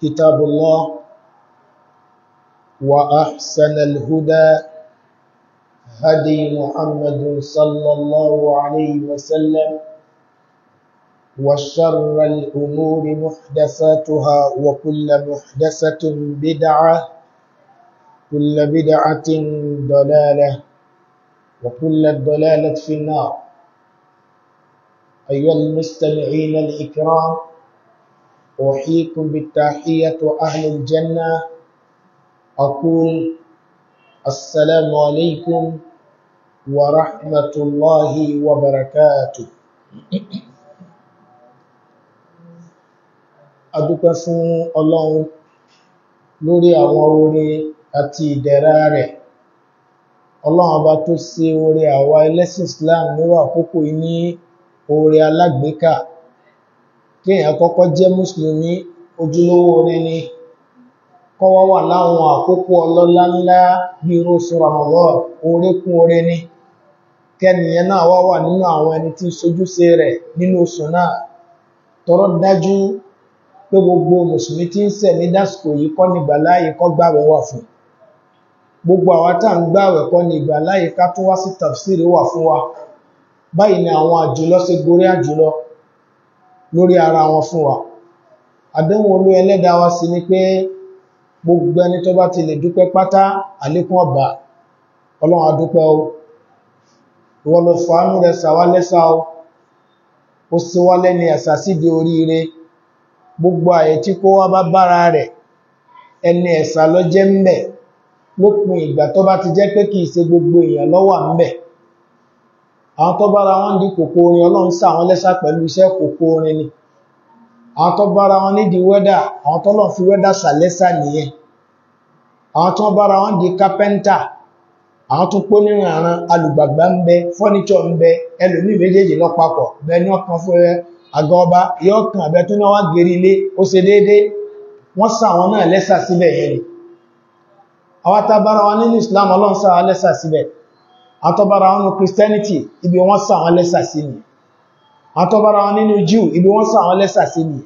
كتاب الله وأحسن الهدى هدي محمد صلى الله عليه وسلم وشر الأمور محدثاتها وكل محدثة بدعة كل بدعة ضلالة وكل الضلالة في النار أيها المستمعين الإكرام أوحيكم بالتحية وأهل الجنة أقول السلام عليكم ورحمة الله وبركاته adúpẹ́ fún ọlọ́run lórí àwọn oore àti ìdẹ̀ra rẹ̀ ọlọ́run ọba tó ṣe oore àwa ẹlẹ́sìn Islam nírò àkókò ní oore alágbèéká kéèyàn kọ́kọ́ jẹ́ mùsùlùmí ojúlówó orí ni kọ́wọ́ wà láwọn àkókò ọlọ́lá ńlá bí i oṣù Ramadan orékún orí ni kẹniyàn náà wá wà nínú àwọn ẹni tí sojúṣe rẹ̀ nínú oṣù náà tọrọ dájú pé gbogbo mùsùlùmí ti ń ní dásìkò yìí kọ́ ní wà fún gbogbo tá à ń gbàwẹ̀ kọ́ ní ìgbàláyé wà fún wa báyìí ni àwọn àjùlọ ṣe gorí àjùlọ lórí ara wọn fún wa àdéhùn olú ẹlẹ́dàá wa sí ni pé gbogbo ẹni tó bá ti lè dúpẹ́ pátá àlékún ọ̀bà ọlọ́run adúpẹ́ o ìwọ ló fàánú rẹ̀ sàwá lẹ́sà o ó sì wá lẹ́ni ẹ̀sà sídi oríire gbogbo àyè tí kó wá bá bára rẹ̀ ẹni ẹ̀sà lọ jẹ́ ń lópin ìgbà tó bá ti jẹ́ pé kìí ṣe gbogbo èèyàn ló wà àwọn tó bára wọn dí kòkó orin ọlọ́run ṣà wọ́n lẹ́ṣà pẹ̀lú iṣẹ́ kòkó orin ni àwọn tó bára wọn nídi wẹ́dà àwọn tó fi wẹ́dà ṣàlẹ́ṣà nìyẹn àwọn tó bára wọn di kápẹ́ńtà àwọn tó pé nínú àran alùgbàgbà ń bẹ ọba tó gèrè ilé ó ṣe wọ́n náà síbẹ̀ yẹn ni àwọn wọn nínú Islam ọlọ́run àtọ́bára wọn ní Christianity ibi wọ́n sà wọn lẹ́sà sí ni àtọ́bára wọn nínú Jew ibi wọ́n sà wọn lẹ́sà sí ni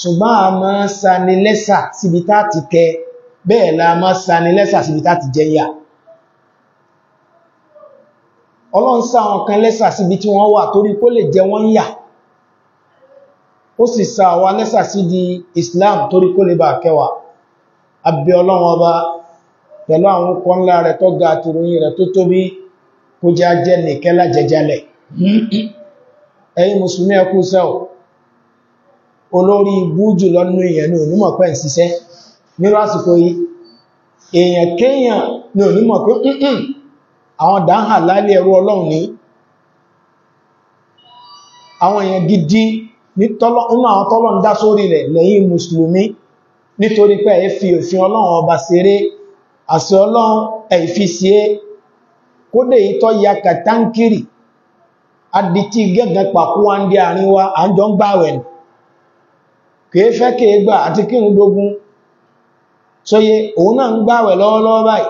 ṣùgbọ́n a máa sani lẹ́sà síbi tá ti kẹ bẹ́ẹ̀ la máa sani lẹ́sà síbi tá jẹyà Ọlọ́run sà wọn kan lẹ́sà síbi tí wọ́n wà torí kó lè jẹ wọ́n yà ó sì sa àwa lẹ́sà sí di Islam torí kó lè bà kẹwàá abẹ́ Ọlọ́run ọba pẹ̀lú àwọn kan ńlá rẹ̀ tó ga àtìròyìn rẹ̀ tó tóbi kó jẹ́ ajẹ́ nìkẹ́ lájẹjẹlẹ̀ ẹ̀yin mùsùlùmí ẹkú sẹ́ ò olórí ibú jùlọ nínú èèyàn ní onímọ̀ pẹ́ ń ṣiṣẹ́ nírú àsìkò yìí èèyàn kéèyàn ní onímọ̀ pé àwọn dáhà lálẹ́ ẹrú ọlọ́run ní àwọn èèyàn gidi ní àwọn tọ́lọ́ ń dá sórí rẹ̀ lẹ́yìn mùsùlùmí nítorí pé ẹ fi òfin ọlọ́run ọba ṣeré àṣẹ ọlọ́run ẹ fi ṣe kódé ìtọ́ ya kàtàkiri adití gẹ́gẹ́ pàkúwá ń ndị àárín wa à ń jọ ń nù kìí fẹ́ kìí gbà àti kírun gbógun sóye òun náà ń gbàwẹ̀ lọ́wọ́lọ́wọ́ báyìí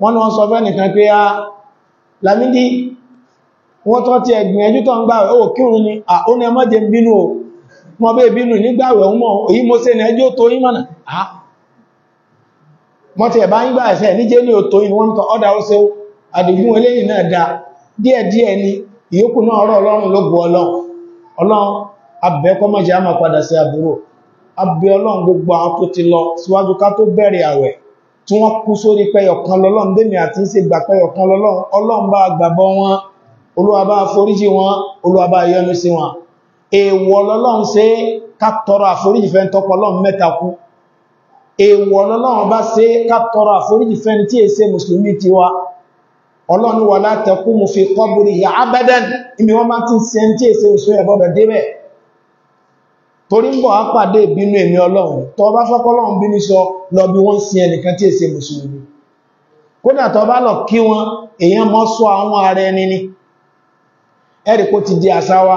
wọ́n sọ fẹ́ nìkan pé a Lámídì wọ́n tọ́ ti ẹ̀gbìn ẹjú tọ́ ń gbàwẹ̀ ó ni bínú o wọ́n bẹ́ẹ̀ bínú òun mọ̀ wọ́n ti ẹ̀bá ń gbà ẹ̀sẹ̀ níjẹ́ ní òtò inú ọ́dá ó àdìgún eléyìn náà dá díẹ̀díẹ̀ ni ìyókù náà ọ̀rọ̀ ọlọ́run ló gbọ́ ọlọ́run ọlọ́run abẹ́kọ́ mọ́jẹ́ á máa padà sí àbúrò abẹ́ ọlọ́run gbogbo àwọn tó ti lọ síwájú ká tó bẹ̀rẹ̀ àwẹ̀ tí wọ́n kú sórí pẹyọkan lọ́lọ́run dèmi àti ń ṣe gbà pẹyọkan lọ́lọ́run ọlọ́run bá gbàbọ́ wọn olúwa èèwọ̀ ọlọ́run bá ṣe ká tọrọ àforíjì fẹ́ni tí èsẹ mùsùlùmí ti wá ọlọ́run wà látẹkú mú fi kọbùrì ìyà abẹ́dẹ́n ìmì wọ́n máa ti ṣe tí èsẹ mùsùlùmí ẹ̀bọ́dọ̀ débẹ̀ torí ń bọ̀ á pàdé ìbínú èmi ọlọ́run tọ bá fọ́kọ́lọ́run bínú sọ lọ tí èsẹ mùsùlùmí kódà tọ ni ẹ̀rì kó ti di àṣà wa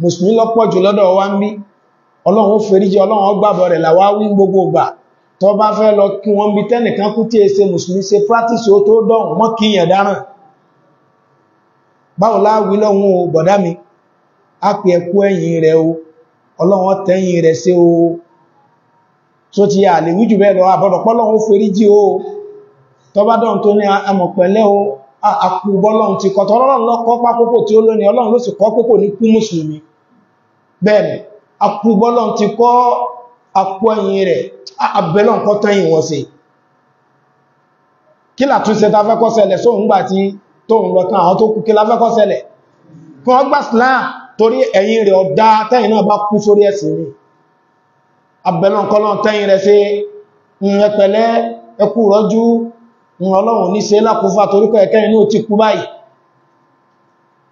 mùsùlùmí lọ́pọ̀ jù lọ́dọ̀ wa ń bí ọlọ́run ó feríjì ọlọ́run ó rẹ̀ làwa wí gbogbo gbà tó bá fẹ́ lọ kí wọ́n bí tẹ́nìkan kú tí èsẹ mùsùlùmí ṣe practice ó tó dọ̀hùn mọ́ kí yẹn dáràn báwo láàwí lọ́hun o bọ̀dá mi a pè ẹkú ẹ̀yìn rẹ̀ o ọlọ́run tẹ́yìn rẹ̀ ṣe o tó ti yà lè wíjù bẹ́ẹ̀ lọ àbọ̀dọ̀pọ̀ lọ́hun ferí jí o tó bá dọ̀hùn tó ní amọ̀pẹ̀lẹ́ o àpò bọ́lọ́hun ti kọ̀tọ̀ ọlọ́run ló àpọ̀ ẹ̀yìn rẹ̀ àbẹ̀lọ̀ nǹkan tán yìí wọ́n ṣe kí ta fẹ́kọ́ sóhun gbà tí tóhun lọ tán àwọn tó kú kí láfẹ́kọ́ ṣẹlẹ̀ fún ọgbà Islam torí ẹ̀yìn rẹ̀ ọ̀dá tẹ́yìn náà bá kú sórí ẹ̀sìn rí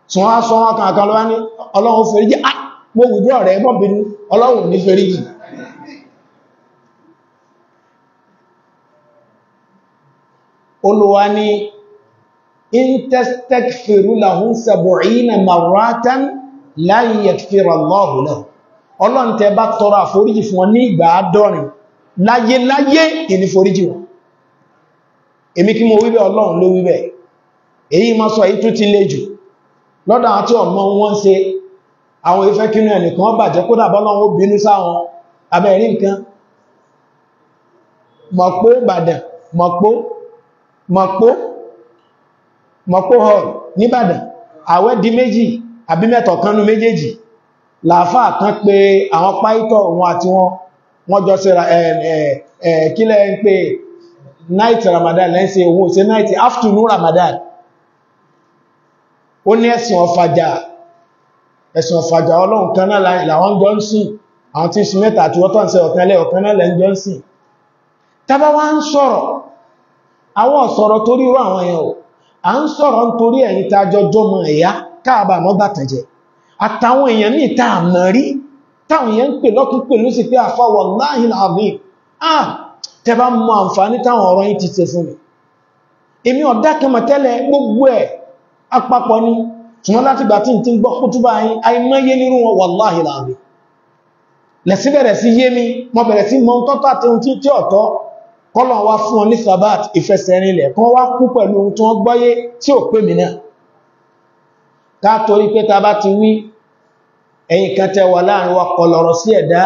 ti á sọ wọn kàkà lọ́wọ́ ní ọlọ́run ah mo wùdí ọ̀rẹ́ olùwà ni intestekfiru lahun sabu'ina maratan láyé yẹ̀kfìrà Allahu lahu ọlọ́run tẹ bá tọrọ àforíjì fún wọn ní ìgbà àádọ́rin láyé láyé ìní foríjì wọn èmi kí mo wíbẹ̀ ọlọ́run ló wíbẹ̀ èyí ma sọ èyí tó ti lé jù lọ́dọ̀ àti ọmọ wọn ṣe àwọn ìfẹ́ kínú ẹnìkan bàjẹ́ kó dàbọ́ lọ́wọ́ bínú sáwọn abẹ́rí nǹkan mọ̀pó Ìbàdàn mọ̀pó mọ̀pó mọ̀pó hall níbàdàn àwẹ́ di méjì àbí mẹ́tọ̀ kanú méjèèjì làáfà kan pé àwọn páìtọ̀ wọn àti wọn wọ́n jọ sí kílẹ̀ ń pé night ramadan lẹ́nsí owó sí night afternoon ramadan ó ní ẹ̀sìn ọ̀fàjà ẹ̀sìn ọ̀fàjà ọlọ́run kan náà làwọn jọ́nsìn àwọn tí ń sin mẹ́ta àti wọ́tọ̀ ń sẹ ọ̀kan lẹ́ ọ̀kan náà lẹ́ jọ́nsìn tábá wá ń sọ̀rọ̀ àwọn ọ̀sọ̀rọ̀ torí irú àwọn ẹ̀yàn o à ń sọ̀rọ̀ nítorí ẹ̀yin tá a jọjọ́ mọ ẹ̀yá káàbà mọ́ bàtàn jẹ àtàwọn èèyàn míì tá a rí táwọn èèyàn ń pè lọ́kùn pè ló sì pé àfa wallahi alazim ah tẹ bá mọ àǹfààní táwọn ọ̀rọ̀ yìí ti ṣe fún mi èmi ọ̀dá kan tẹ́lẹ̀ gbogbo ẹ̀ apapọ̀ ni ṣùgbọ́n láti gbà tí n ti gbọ́ kútúbà yín àìmọye nínú wọn wallahi alazim lẹ̀sí bẹ̀rẹ̀ sí yé mi mo bẹ̀rẹ̀ sí mọ tọ́tọ́ àti ohun tí ọ̀tọ̀ kọ́lọ̀ wá fún ọ ní sabat ìfẹsẹ̀rinlẹ̀ kan wá kú pẹ̀lú ohun tí wọ́n gbọ́yé tí ò pè mí náà ká torí pé ta bá ti wí ẹ̀yin kan tẹ wà láàrin wa kọlọ̀rọ̀ sí ẹ̀dá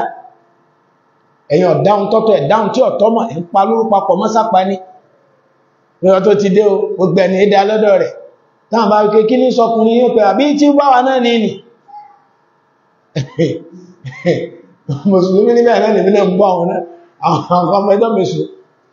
ẹ̀yin ọ̀dáhun tọ́tọ̀ ẹ̀dáhun tí ọ̀tọ́mọ̀ ẹ̀ ń pa lórúpapọ̀ mọ́sápa ní ìrọ̀ tó ti dé o gbogbo ẹni dá lọ́dọ̀ rẹ̀ táwọn bá wípé kí ní sọkùnrin yóò pẹ̀ àbí tí bá wà náà ní nì mùsùlùmí níbẹ̀ náà nìbí náà ń bọ́ àwọn náà àwọn ọmọ ẹjọ́ mẹ́sùn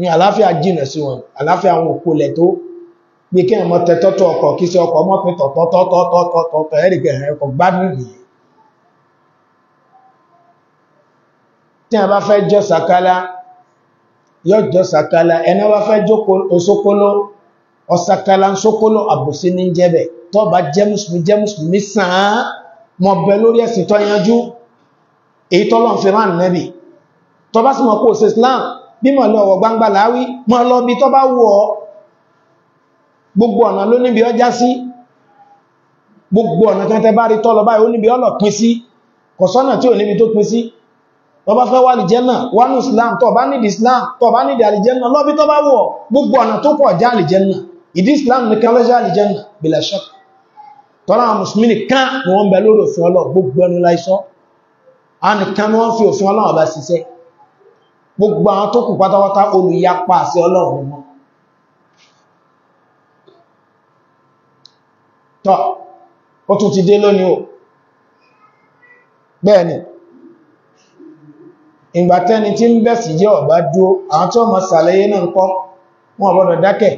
ní àláfíà jìnà sí wọn àláfíà àwọn òkú lẹ̀ tó bí kí ẹ̀mọ́ tẹ́tọ́tọ́ ọkọ̀ kí sí ọkọ̀ mọ́ pé tọ̀tọ̀tọ̀tọ̀tọ̀tọ̀ ẹ̀rìgẹ̀ ẹ̀kọ̀ gbádùn nìyẹn tí a bá fẹ́ jọ sàkálá yọ jọ sàkálá ẹni wá fẹ́ jọ osókóló ọsàkálá sókóló àbòsí ní jẹ́bẹ̀ tó bá jẹ́ mùsùlùmí jẹ́ mùsùlùmí sàn án mọ̀ bẹ lórí ẹ̀sìn tó yanjú èyí tọ́lọ́ fi rán nẹ́bì tó bá sì mọ̀ kó ṣe Islam bí mọ̀ lọ ọ̀wọ̀ gbangba láwí mọ́ lọ bí tọ́ bá wù ọ́ gbogbo ọ̀nà ló níbi ọjá sí gbogbo ọ̀nà tẹ́tẹ́ bá rí tọ́lọ báyìí ó níbi ọlọ̀ pín sí kọ̀sọ́nà tí ò níbi tó pín sí tọ́ fẹ́ wà àlìjẹ́nà wánú Islam tọ́ bá nídi Islam tọ́ bá nídi àlìjẹ́nà lọ́bí tọ́ bá wọ̀ gbogbo ọ̀nà tó pọ̀ já àlìjẹ́nà ìdí Islam nìkan lọ́jọ́ àlìjẹ́nà bila shak tọ́lá àwọn mùsùlùmí nìkan ni wọ́n bẹ lórí òfin Ọlọ́run gbogbo ẹnu láìsọ́ a nìkan ni wọ́n fi òfin Ọlọ́run bá ṣiṣẹ́ gbogbo àwọn tó kù pátápátá olùyapa sí ọlọ́run mọ́ tọ́ ó tún ti dé lónìí o bẹ́ẹ̀ni ìgbàtẹ́ni tí ń bẹ̀sì jẹ́ ọ̀bá dúó àwọn tí ó mọ̀ sàlẹ́yé náà kọ́ wọn ọ̀bọ̀dọ̀ dákẹ́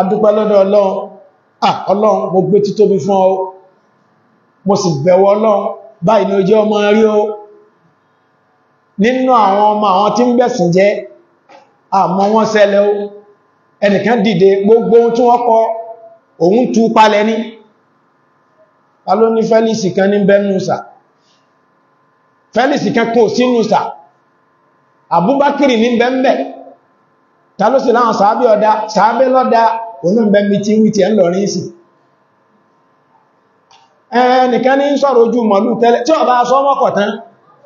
adúpẹ́ lọ́dọ̀ ọlọ́run ah ọlọ́run mo gbé títóbi fún ọ mo sì bẹ̀wọ̀ ọlọ́run báyìí ni ó jẹ́ ọmọ rí o nínú àwọn ọmọ àwọn tí ń bẹ̀sìn jẹ́ àmọ́ wọ́n ṣẹlẹ̀ o ẹnìkan dìde gbogbo ohun tí wọ́n kọ òun tú palẹ̀ ní aló ní fẹ́lìsì kan ní bẹ́nùsà fẹ́lìsì kan kò sínúsà àbúbákìrì ní bẹ́m̀bẹ̀ ta ló sì láwọn sàábé ọ̀dá sàábé lọ́dá òun tí wítí tí ọba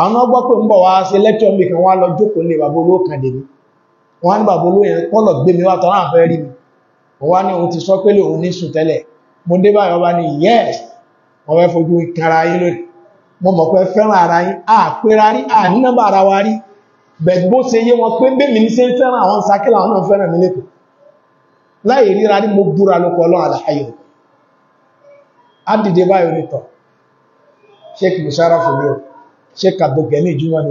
àwọn ọgbọ́ pé ń bọ̀ wá nwa lẹ́kṣọ́ mi kan wá lọ jókòó lè bàbá olówó kan dèmi wọ́n ní bàbá olówó yẹn pọ́lọ̀ gbé mi wá tọ́lá àfẹ́ rí mi wọ́n ní òun ti sọ pé ní sùn tẹ́lẹ̀ mo dé báyọ̀ ní yes wọ́n fẹ́ fojú ìkara yín lónìí mo ara yín rí nọ́mbà ara wa rí bó ṣe yé wọn pé bẹ́mi ní ṣe ń fẹ́ràn àwọn sakílà náà fẹ́ràn mi lẹ́kọ̀ọ́ láì ríra rí mo ṣe kàdọ̀gẹ̀ ní ìjúmọ́ ni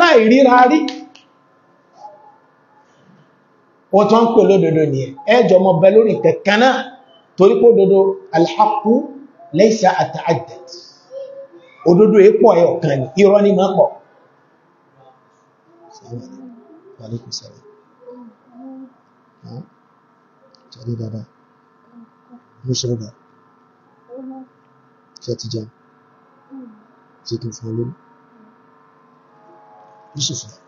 láìríra rí wọ́n tó ń pè lódodo ní ẹjọ́ mọ́ bẹ lórí kẹkànnà torí pé òdodo alhaku laysa àtàdẹ̀t òdodo èpọ̀ ẹ̀ ọ̀kan ni irọ́ ní máa pọ̀ ti jẹun. 基督福音。This is it.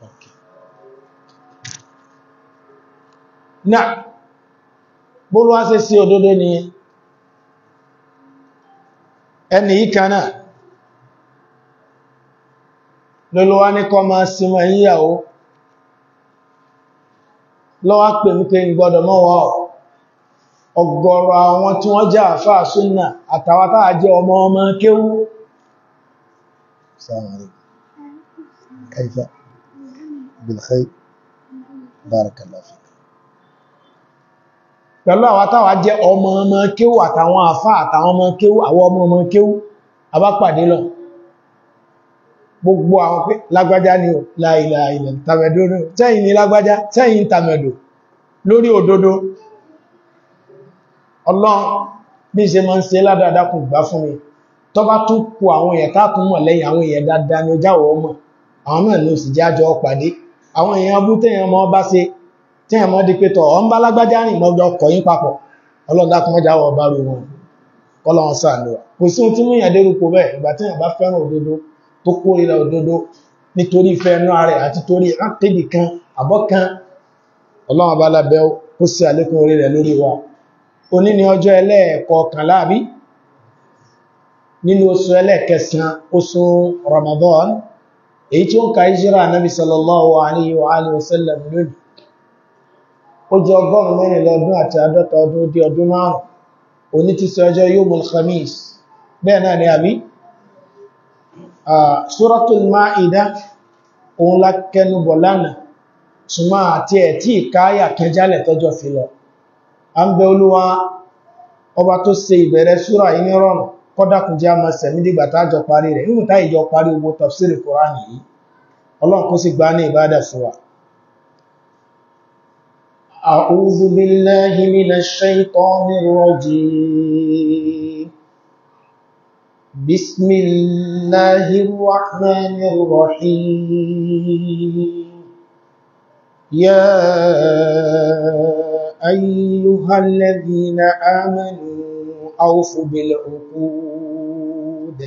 Okay. Now, bólú wá sí sí òdodo ni ẹni yìí kan náà lọ́lọ́ wá ní kọ́ máa símọ̀ yíyàwó lọ́wọ́ pè mú pé ń gbọ́dọ̀ mọ́ wọ́ ọ̀ ọ̀gọ̀rọ̀ àwọn tí wọ́n jẹ́ àfáà súnnà àtàwátá jẹ́ ọmọ ọmọ kéwú kaifa bilkhair barakallahu fik pẹ̀lú àwátáwà jẹ́ ọmọ ọmọ kéwú àtàwọn àfáà àtàwọn ọmọ kéwú àwọn ọmọ ọmọ kéwú abápàdé lọ gbogbo àwọn pé lágbájá ni ò láìláìlẹ̀ tàmẹ̀dó tẹ́yìn ni lágbájá tẹ́yìn tàmẹ̀dó lórí òdodo ọlọ́run bí ṣe máa ń ṣe ládàádá kò gbá fún mi tó bá tún kó àwọn èèyàn táàtún mọ̀ lẹ́yìn àwọn èèyàn dáadáa ni ọjà wọ́ mọ̀ àwọn náà ni ó sì jájọ pàdé àwọn èèyàn bú téèyàn mọ́ bá ṣe téèyàn mọ́ di pé tọ̀ ọ́n bá lágbájá rìn mọ́jọ kọ̀ yín papọ̀ ọlọ́run dákun mọ́jà wọ̀ bá ru wọn kọ́lọ́run sàánú wa kò sí ohun tí múyàn dé rúpo bẹ́ẹ̀ ìgbà téèyàn bá fẹ́ràn òdodo tó kórìíra òdodo nítorí ìfẹ́ inú ara rẹ̀ àti torí ákéde kan àlékún orí rẹ̀ lórí wa òní ni ọjọ́ ẹlẹ́ẹ̀kọkànlá àbí nínú oṣù ẹlẹ́ẹ̀kẹsàn oṣù Ramadan èyí tí ó ń ka ìjírà anábi sallallahu alayhi wa alayhi wa sallam lónìí ó jẹ ọgọ́rùn mẹ́rin lọ́dún àti àádọ́ta ọdún di ọdún márùn òní ti sọ ọjọ́ yomul khamis bẹ́ẹ̀ náà ni àbí a ń bẹ olúwa ọba tó ṣe ìbẹ̀rẹ̀ súra yìí rọrùn kọ́dàkùn jẹ́ àmà sẹ̀mí dìgbà parí rẹ̀ nígbà táìjọ parí owó tafsiri Qur'an yìí ọlọ́run sì gbá ní ìbádà fún wa أيها الذين آمنوا أوفوا بالعقود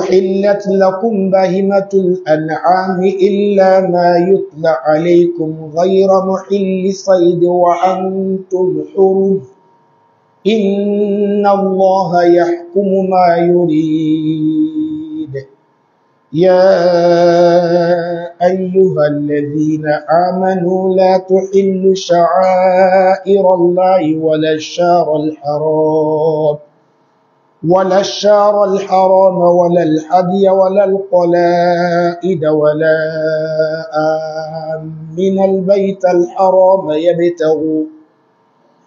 أحلت لكم بهمة الأنعام إلا ما يتلى عليكم غير محل صيد وأنتم حرم إن الله يحكم ما يريد يا أيها الذين آمنوا لا تحلوا شعائر الله ولا الشعر الحرام ولا الشعر الحرام ولا الحدي ولا القلائد ولا من البيت الحرام يبتغوا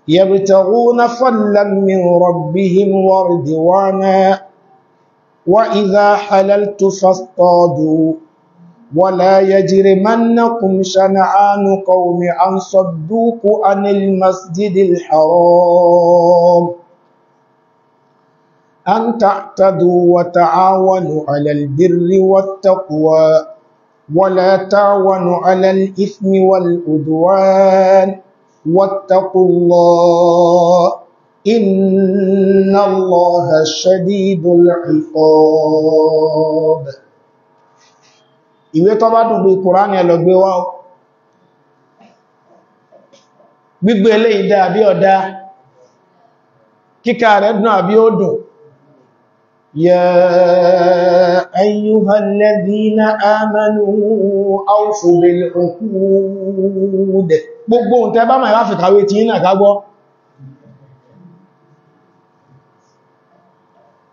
يبتغون فلا من ربهم ورضوانا وإذا حللت فاصطادوا ولا يجرمنكم شنعان قوم أن صدوك عن المسجد الحرام أن تعتدوا وتعاونوا على البر والتقوى ولا تعاونوا على الإثم والعدوان واتقوا الله إن الله شديد العقاب ìwé tó bá dùgbé kùránì ẹlọ́gbé wá ọ́ gbígbé eléyìí dá àbí ọ̀dá kíkà rẹ̀ dùn àbí ó dùn يا أيها الذين آمنوا أوفوا بالعقود gbogbo ǹtẹ́ bá máa ìwáfẹ́ kàwé tí ìnà kágbọ́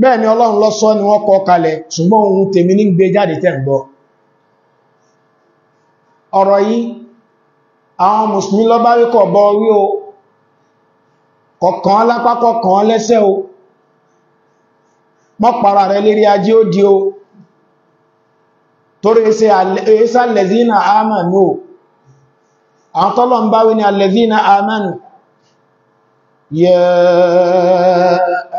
bẹ́ẹ̀ ni ọlọ́run ló sọ ni wọ́n kọ kalẹ̀ ṣùgbọ́n ohun tèmi ní gbé jáde tẹ́ ń gbọ́ ọ̀rọ̀ yìí àwọn mùsùlùmí lọ bá bọ́ orí o kọ̀kan lápákọ̀ lẹ́sẹ̀ o mọ́pàá rẹ̀ lérí ajé ó di o torí àwọn tọ́lọ̀ يا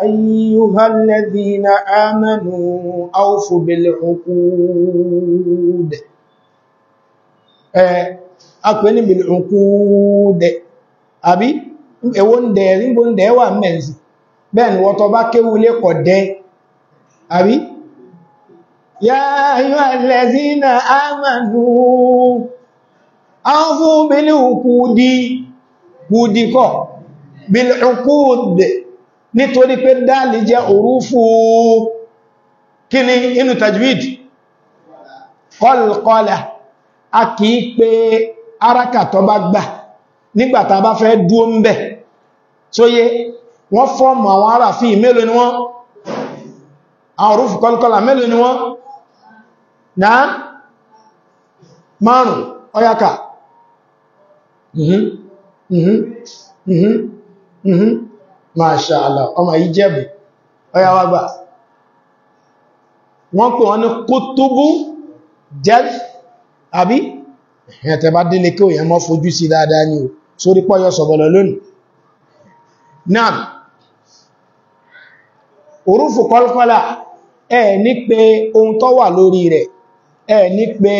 أيها الذين آمنوا أوفوا بالعقود أقول بالعقود àbí èwo ń dẹ̀ rígbó ń dẹ̀ wà mẹ́sì bẹ́ẹ̀ ni wọ́n tọ bá kéwú lé kọ̀ dẹ́ àbí yá bil'uqud nítorí pé dáàlì jẹ́ òrúfù kí ni inú tajwid kọlùkọlà a kìí pé arákàtọ́ bá gbà nígbàtà bá fẹ́ dúó ń bẹ̀ tó yé wọ́n fọ́ọ̀mù àwọn ará fi mélòó ni wọ́n àwọn òrúfù kọlùkọlà mélòó ni wọ́n náà márùn-ún ọyáka mhm mhm mhm Mhm. Masha Allah ọmọ yìí jẹ́bù ọya wá gbà wọ́n pè wọ́n ní kútúbù jẹ́l àbí ẹ̀tẹ̀ bá délé kí òyìn mọ́ fojú sí dáadáa ni o sórí pọ́ yọ sọ̀bọ̀lọ̀ lónìí náà orúfù kọlùkọlà ẹ̀ ní pé ohun tó wà lórí rẹ̀ ẹ̀ ní pé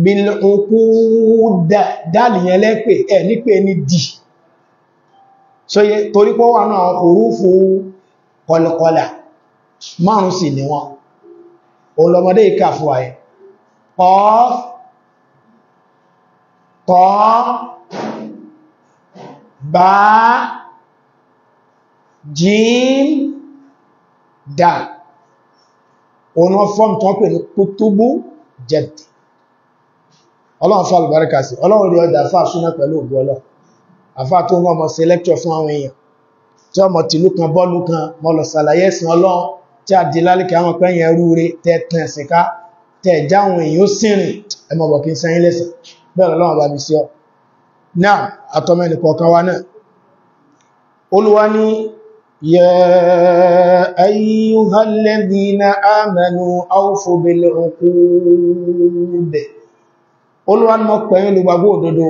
bilkuda dáàlìyàn lẹ́pẹ̀ ẹ̀ nípe ní dì sóyé torí pọ́ wà náà òrúfù kọlọkọlà márùn sí ni wọn olọmọdé ìka fún àyẹ pọ́ tọ́ bá jín dà òun wọ́n fọ́m tán pè ní kútúbù jẹ́dì ọlọ́run fún àlùbáríkà sí ọlọ́run rí ọjà àfáà súná pẹ̀lú ògbó ọlọ́ àfáà tó ń wọ́n mọ̀ sí lẹ́kítọ̀ fún àwọn èèyàn tí ọmọ tìlú kan bọ́ọ̀lù kan mọ́ sàlàyé ẹ̀sìn ọlọ́run tí a di lálẹ́kẹ̀ àwọn pẹ́yìn ẹrú rẹ tẹ́tàn ẹ̀sìnká tẹ́ jáwọn èèyàn sínrin ẹmọ bọ̀ kí n sẹ́yìn lẹ́sìn bẹ́ẹ̀ lọ́wọ́ bá mi sí ọ náà àtọ́mẹ́nì kọ̀ọ̀kan wa náà olúwa ní yẹ ayyuhalladhina amanu awfu bil uqud bẹ́ẹ̀ olúwánmọ́ pẹ̀yìn olùgbàgbọ́ òdodo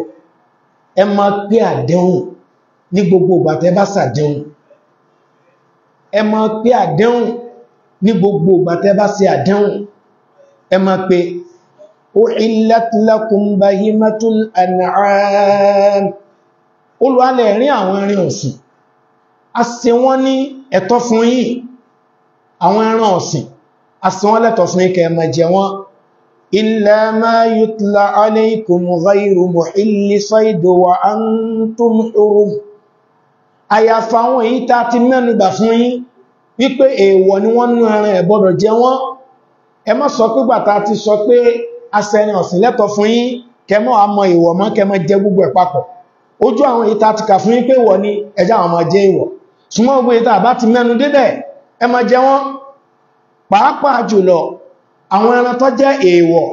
ẹ máa pé àdéhùn ní gbogbo ìgbà tẹ́ bá ṣàdéhùn ẹ máa pé àdéhùn ní gbogbo ìgbà tẹ́ bá ṣe àdéhùn ẹ máa pé uhillat lakum bahimatul an'am olùwálẹ̀ rí إلا ما يتلى عليكم غير محل صيد وأنتم حرم أي àwọn èyí tá ti mẹ́nubà fún yín wípé èèwọ̀ ni wọ́n nú ẹran ẹ̀ gbọ́dọ̀ jẹ wọ́n ẹ má sọ pé gbàtà ti sọ pé asẹni ọ̀sìn lẹ́tọ̀ fún yín kẹmọ àmọ́ ìwọ̀ mọ́ kẹmọ jẹ gbogbo ẹ̀ papọ̀ ojú àwọn èyí ti kà fún yín pé ìwọ̀ ni ẹjá àwọn ọmọ jẹ ìwọ̀ súnmọ́ gbogbo èyí tá ti mẹ́nu débẹ̀ ẹ má jẹ wọ́n pàápàá jùlọ àwọn ẹran tó jẹ́ èèwọ̀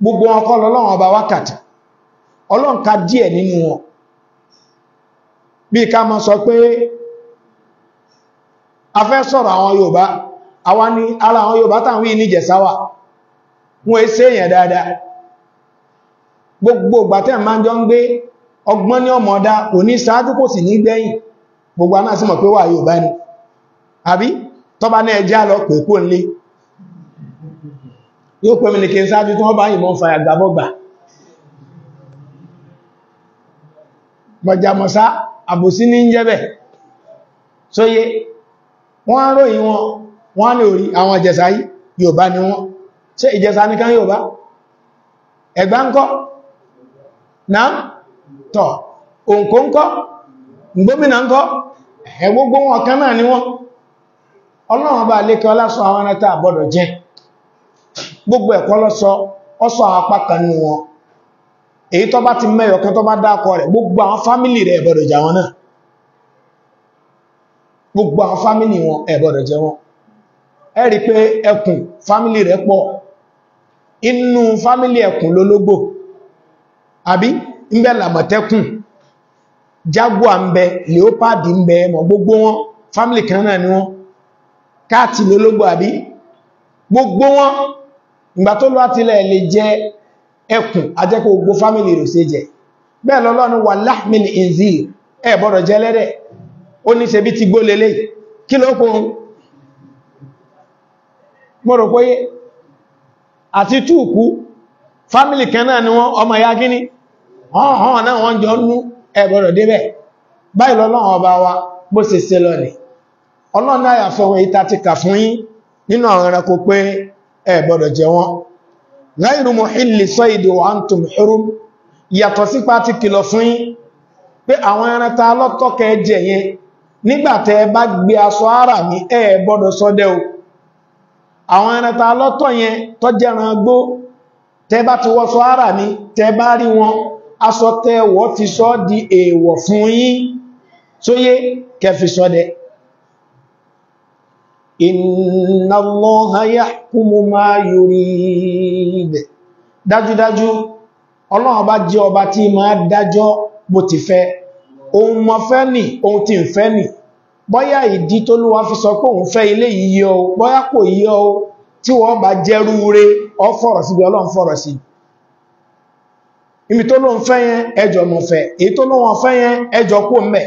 gbogbo ọkọ̀ lọ́lọ́wọ́n ọba wákàtà ọlọ́nkà díẹ̀ nínú wọn bí ká mọ́ sọ pé a fẹ́ sọ̀rọ̀ àwọn Yorùbá àwa ni ara àwọn Yorùbá tàwọn yìí níjẹ̀sáwà wọ́n èsè èèyàn dáadáa gbogbo ìgbàtẹ́ ma ń jọ ń gbé ọgbọ́n ní ọmọ ọ̀dá kò ní ṣáájú kò sì ní gbẹ̀yìn gbogbo aná sí mọ̀ pé wà Yorùbá ni àbí tọ́ba náà ẹjá lọ pè kó yóò pẹ́ mi ní kí n sáájú tí wọ́n bá yìnbọn fa àgbàbọ́gbà gbọ̀jàmọ̀sá àbòsí ní jẹ́bẹ̀ sóyé wọ́n ròyìn wọn wọ́n ní orí àwọn ìjẹsà yìí Yorùbá ni wọ́n ṣe ìjẹsà ní kan Ẹ̀gbá tọ̀ òǹkó ẹ̀gbógbó wọn kan náà ní wọ́n Ọlọ́run bá lékẹ́ gbogbo ẹ̀kọ́ lọ́sọ ọsọ apá kan nínú wọn èyí tó bá ti mẹ́yọ kan tó bá dákọ rẹ̀ gbogbo àwọn fámílì rẹ̀ ẹ̀bọ̀dọ̀ jà wọn náà gbogbo àwọn fámílì wọn ẹ̀bọ̀dọ̀ jẹ wọn ẹ rí pé ẹkùn fámílì rẹ̀ pọ̀ inú fámílì ẹkùn lólógbò àbí ń làmọ̀tẹ́kùn jaguar ń bẹ leopard ń bẹ mọ̀ gbogbo wọn fámílì kan náà ni wọn káàtì lólógbò àbí gbogbo wọn ìgbà tó lọ́wọ́ tilẹ̀ lè jẹ ẹkùn ajẹ́kọ̀ ogbó fámílì rẹ̀ sí jẹ bẹ́ẹ̀ lọ́lọ́run wà láàmìn ìzí ẹ̀ bọ́rọ̀ jẹ lẹ́rẹ̀ ó ní ṣe bí ti gbó lélẹ̀ kí ló kún mọ́rọ̀ pé àti túùkú fámílì ọmọ ya ni ti nínú àwọn ẹ gbọ́dọ̀ jẹ wọ́n ghayru muhilli saydi wa antum hurum yàtọ̀ sípa ti kìlọ̀ fún yín pé àwọn ẹran ta lọ́tọ́kẹ́ jẹ yẹn nígbàtẹ́ bá gbé aṣọ ara mi ẹ gbọ́dọ̀ ṣọdẹ o àwọn ẹran ta lọ́tọ̀ yẹn tó jẹran gbó tẹ bá ti wọ́ṣọ ara mi tẹ bá rí wọn aṣọ tẹ wọ́ ti sọ di èèwọ̀ fún yín tó kẹfì ṣọdẹ inna Allaha yahkumu ma yurid dájúdájú ọlọ́run bá jẹ́ ọba tí máa dájọ́ bó ti fẹ́ ohun mọ fẹ́ nì ohun tí ń fẹ́ nì bọ́yá ìdí tó lúwa fi sọ pé òun fẹ́ ilé yìí o bọ́yá kò yí o tí wọ́n bá jẹ́rú re ọ fọ̀rọ̀ síbi ọlọ́run fọ̀rọ̀ sí ibi tó lóun fẹ́ yẹn ẹjọ́ mọ̀ fẹ́ èyí tó lóun fẹ́ yẹn ẹjọ́ kó mẹ́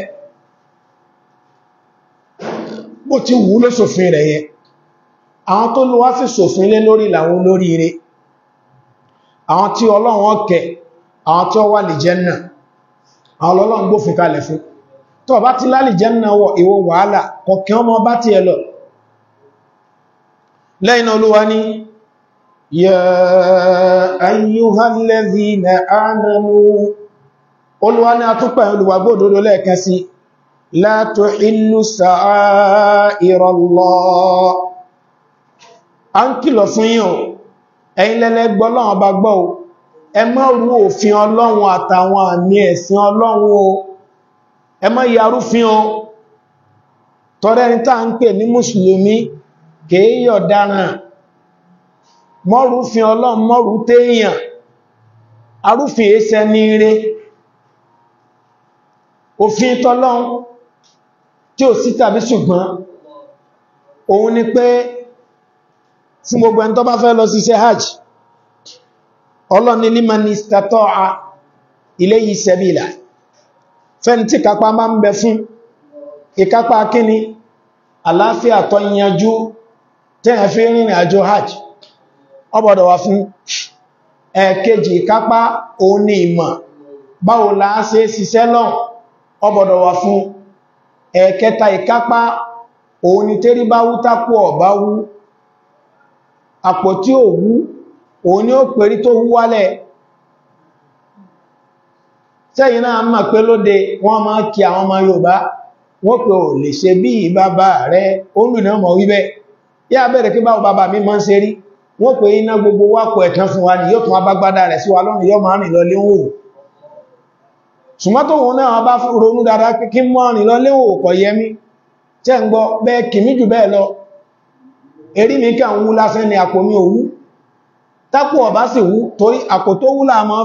bó ti wù ló ṣòfin rẹ̀ yẹn àwọn tó lọ wá sí ṣòfin lé lórí làwọn olórí ire àwọn tí ọlọ́run ọkẹ̀ àwọn tí ó wà lè jẹ́ náà àwọn ọlọ́run gbófin kalẹ̀ fún tó bá ti lálì jẹ́ náà wọ ìwò wàhálà kọ̀kẹ́ ọmọ bá ti ẹlọ lẹ́yìn olúwa ní yā ayyuhalladhīna āmanū olúwa ní atúpẹ̀ olùwàgbódodo lẹ́ẹ̀kan sí لا تحل سعائر الله a ń kìlọ̀ fún yín o ẹ̀yin lẹ́lẹ́gbọ́ lọ́wọ́n ofin gbọ́ o ẹ má rú o ẹ má yarúfin o tọ́rẹ́ ní tàà ń pè ní mùsùlùmí kèéyí ọ̀daràn mọ́rúfin ọlọ́run mọ́rú téèyàn ire ofin tọ́lọ́run tí ó sí tàbí ṣùgbọ́n òun ni pé fún gbogbo ẹni tó bá fẹ́ lọ hajj ọlọ́ni liman istata'a ilayhi sabila fẹ́ni tí kápá máa ń bẹ fún ìkápá kíni àlàáfíà rìnrìn àjò hajj ọbọ̀dọ̀ wà fún ìkápá òun ni ìmọ̀ báwo la ṣe ṣiṣẹ́ ẹ̀kẹta ìkápá òun ni tẹ́rí bá wú tápò ọ̀bá wú tí ó wú òun ni ó pèrí tó wú wálẹ̀ sẹ́yìn náà mọ̀ pé lóde wọ́n máa kí àwọn ọmọ Yorùbá wọ́n ò lè ṣe bí wíbẹ̀ yá bẹ̀rẹ̀ kí bàbá mi gbogbo ẹ̀tàn fún yóò tún abágbádá rẹ̀ sí wa máa ṣùgbọ́n tó wọn náà bá ronú dáadáa kí mọ́ rìn lọ léwò kọ̀ yẹmí tẹ́ ń kìmí jù bẹ́ẹ̀ lọ erí mi kí àwọn wú ni àpò mi tápò ọ̀bá sì wú torí àpò tó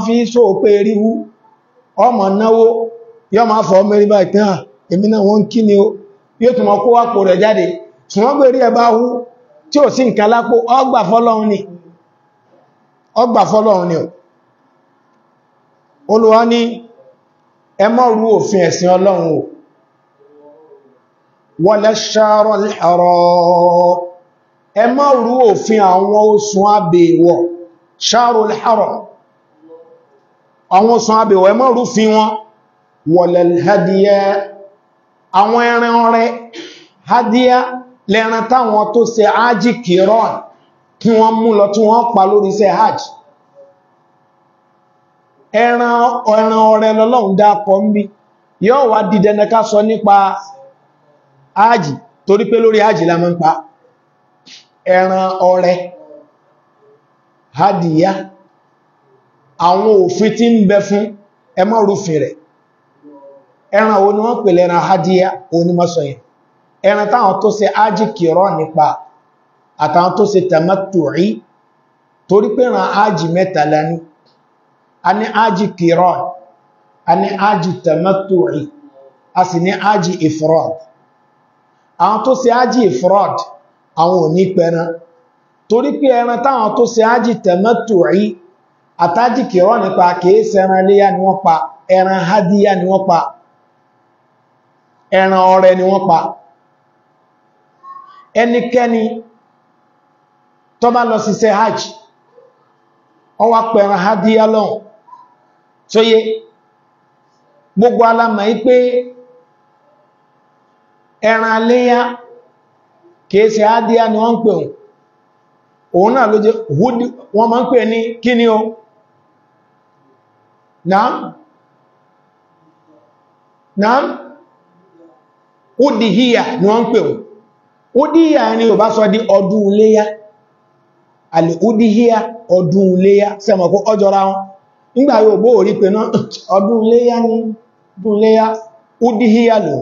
fi so pé erí wú ọmọ náwó fọ́ mẹ́rin ah, èmi náà wọ́n kí ni ó yóò tún mọ́ kó wápò rẹ̀ jáde ṣùgbọ́n pé erí ẹ bá wú ẹ rú òfin ẹ̀sìn ọlọ́run o wala sharal rú òfin àwọn oṣù abèèwọ̀ sharal haram àwọn oṣù abèèwọ̀ ẹ rú fi wọn wala hadiya àwọn ẹran rẹ hadiya lẹ́ran táwọn tó ṣe ájì kìíràn kí wọ́n mú lọ tí wọ́n pa lórí iṣẹ́ hajj ẹran ẹran ọrẹ lọ́lọ́run dápọ̀ ń bí yóò sọ nípa áàjì torí pé lórí la ń pa ẹran ọrẹ hádìyá àwọn òfin tí ń bẹ fún ẹ rúfin rẹ̀ ẹran wo ni wọ́n pè lẹ́ran ẹran táwọn a ní ájì kìrọ̀ a ní ájì tamattu'i a sì ní ájì ifrad àwọn tó ṣe ájì ifrad àwọn ò ní pẹran torí pé ẹran táwọn tó ṣe ájì tamattu'i àtàjì kìrọ̀ nípa kìí ṣẹran léyà ni wọ́n pa ẹran hádíyà ni wọ́n pa ẹran ọrẹ ni wọ́n pa ẹnikẹ́ni tó bá lọ ṣiṣẹ́ hajj ó wá pẹran hádíyà lọ́hùn sóyé gbogbo ala ma ikpe ẹran aléyá kìí ka esi ni wọ́n ń pè òun òun náà ló jẹ́ wọ́n ń pè ní kí ni o náà náà údìhíyà ni wọ́n ń pè òun údìhíyà ni ò bá sọ di ọdún iléyá àlè údìhíyà ọdún iléyá sẹ́mọ̀ ọjọ́ra wọn nígbà yóò ori orí náà ọdún léyá ní ọdún léyá ó díhíyà lò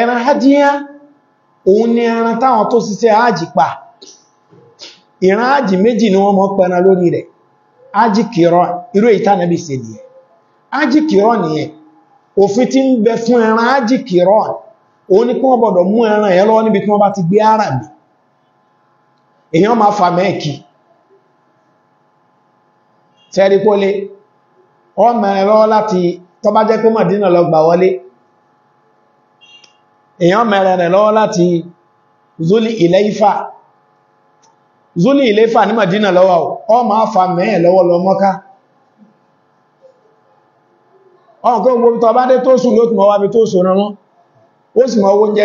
ẹran hádíyá òun ni ẹran táwọn tó ṣiṣẹ́ ájì pa ìran ájì méjì ni wọ́n mọ́ pẹna lórí rẹ̀ ájì kìrọ irú ìtànàbí ṣe nìyẹn ájì kìrọ nìyẹn òfin ti ń bẹ fún ẹran kìrọ òun ni mú ẹran ẹ̀ lọ́wọ́ níbi tí wọ́n bá ti gbé ara mi èèyàn ọmọ ẹ̀rọ láti tó bá jẹ́ pé Mọ̀dínà lọ gbà wọlé èyàn mẹ́rẹ̀ rẹ̀ lọ́wọ́ láti zuli ilaifa zuli ilaifa ní Mọ̀dínà lọ́wọ́ ọ ma fa mẹ́ẹ̀ lọ́wọ́ lọ mọ́ká ọkọ̀ gbogbo tó bá dé tó sùn ló tún wá bí tó sùn rán ó sì mọ́ oúnjẹ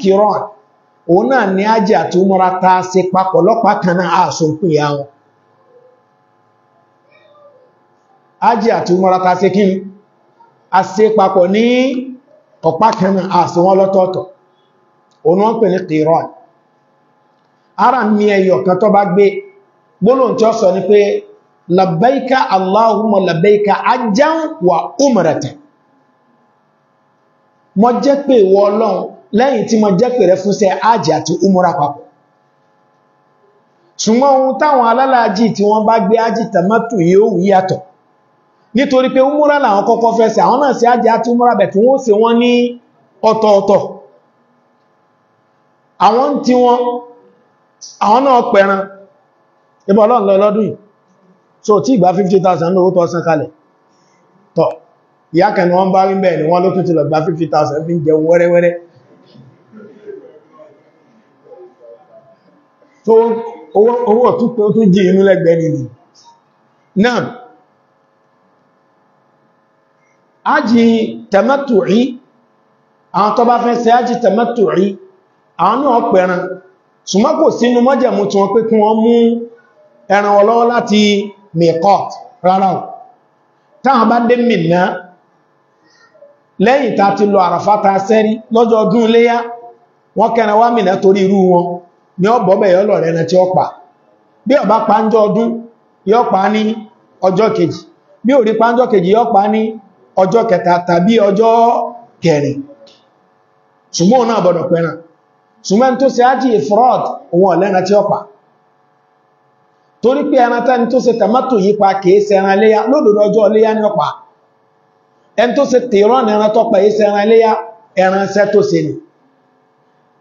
tí òun náà ni ájì àti umara ta ṣe papọ̀ lọ́pàá kan náà àṣòpin ìyá wọn ájì àti umara ta ṣe kí a papọ̀ ní ọ̀pá kan náà àṣò wọn lọ́tọ̀ọ̀tọ̀ òun wọ́n pè ní ara mi ẹyọ kan tó bá gbé gbólóhùn tí ó sọ ni pé labbaika allahumma labbaika ajjan wa umratan mo jẹ́ pé ìwọ ọlọ́run lẹ́yìn tí mo jẹ́ pẹ̀rẹ fún ṣe ájì àti umura papọ̀ ṣùgbọ́n ohun táwọn alálàájì tí wọ́n bá gbé ájì tàmátù yóò wí nítorí pé umura làwọn kọ́kọ́ fẹ́ ṣe àwọn náà ṣe ájì àti umura bẹ̀ tí wọ́n ṣe wọ́n ní ọ̀tọ̀ọ̀tọ̀ àwọn tí wọ́n àwọn so tí ìgbà 50,000 lówó tó ọsán kalẹ̀ tọ̀ ìyá kẹ́ni wọ́n bá rí bẹ́ẹ̀ ni wọ́n ló tún ti lọ gba 50,000 fi ń jẹun wẹ́rẹ́wẹ́rẹ́ tó owó ọ̀tún pé ó tó jí inú lẹ́gbẹ̀ẹ́ nìyí náà ájì tẹ̀mẹ́tùrí àwọn tó fẹ́ ṣe ájì tẹ̀mẹ́tùrí àwọn náà pẹ̀ran ṣùgbọ́n sínú mọ́jẹ̀mú tí wọ́n pé kí wọ́n mú ẹran ọlọ́wọ́ láti mẹ́kọ̀t rárá ò táwọn bá dé lẹ́yìn ti lọ sẹ́rí lọ́jọ́ ọdún wọ́n wá torí irú ní ọ̀bọ̀ bẹ̀yọ́ lọ rẹ̀ tí ó pa bí ó bá pàájọ́ ọdún yóò pa ní ọjọ́ kejì bí ò rí pàájọ́ kejì yóò pa ní ọjọ́ kẹta tàbí ọjọ́ kẹrin ṣùgbọ́n náà bọ̀dọ̀ pẹ̀ràn ṣùgbọ́n tó ṣe ájì fraud òun ọ̀lẹ́ran tí ó pa torí pé ẹran tẹ́ni tó ṣe tàmátò yí pa kìí ṣe ẹran léyá lódòdó ọjọ́ léyá ní ọ̀pá ẹni tó ṣe tèrán ẹran tọ́pa yí ṣe ẹran léyá ẹran ṣẹ́ tó ṣe ni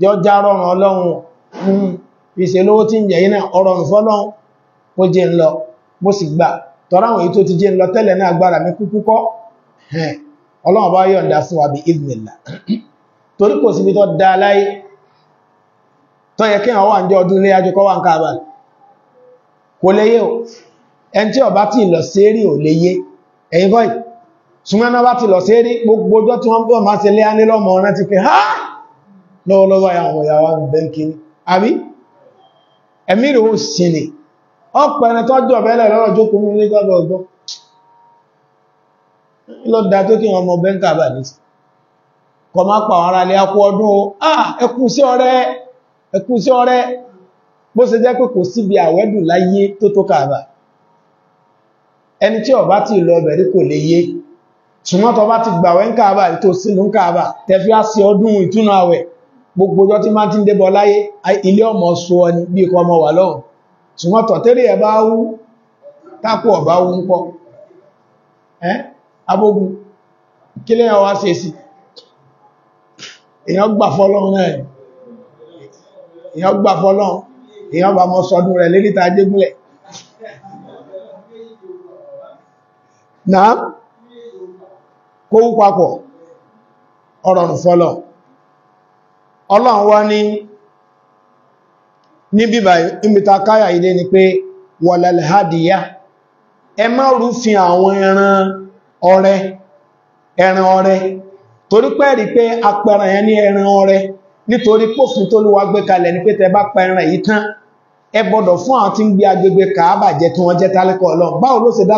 jẹ́ ọjá rọrùn ọlọ́run ìṣẹ́ hmm. lówó tí ń jẹ́ iná ọrọ̀rùn fọ́lọ́run bó jẹ́ ń lọ bó sì gbà tọ́rọ àwọn èyí tó ti jẹ́ ń lọ tẹ́lẹ̀ náà agbára mi kúkú kọ́ ọlọ́run bá yọ̀ǹda fún wa bí ìdìnlá torí kò o ẹni tí ọba ti lọ sérí ò léyé ẹ̀yin bọ́ì súnmọ́ná gbogbo ọjọ́ tí wọ́n bọ́ máa ṣe lé á nílọ́mọ ọ̀rán ti fi háà lọ́wọ́lọ́wọ́ àwọn ìyàwó bẹ́ǹkì àbí ẹ̀mí rẹ̀ ó sì ní ọ̀pọ̀ ẹni tó jọ bẹ́lẹ̀ lọ́rọ̀ jókòó ní gbọ́gbọ́gbọ́ lọ da tó kí wọn mọ bẹ́ǹkà bà ní kọ má pa ara lè akú ọdún ẹkú sí ọ̀rẹ́ ẹkú sí ọ̀rẹ́ bó ṣe jẹ́ pé kò síbi àwẹ́dùn láyé tó tó kàbà ẹni tí ó bá ti gbàwẹ́ ń kàbà tó sínú ń kàbà tẹ́fí sí ọdún ìtúnu àwẹ̀ gbogbo ọjọ́ tí máa ti ń débọ̀ láyé ilé ọmọ sọ ọ ni bí ikọ̀ ọmọ wà lọ́hùn ṣùgbọ́n tọ̀tẹ́rẹ̀ ẹ̀ bá wú tákù ọ̀bá wú ń kọ́ ẹ́ abógun kí lẹ́yìn ọwá ṣe sí èyàn gbà fọ́lọ́run náà èyàn gbà fọ́lọ́run èyàn bá mọ́ ọlọ́run wá ní bíbà ìmìta káyà ilé ni pé wọ̀lẹ̀lẹ̀hádìyà ẹ má rúfin àwọn ẹran ọrẹ ẹran ọrẹ torí pé pé apẹran yẹn ní ẹran ọrẹ nítorí pófin tó lúwa gbé kalẹ̀ ní pé tẹ pẹran yìí tán ẹ fún àwọn tí ń gbé agbègbè kàábà jẹ wọ́n jẹ́ báwo ló dá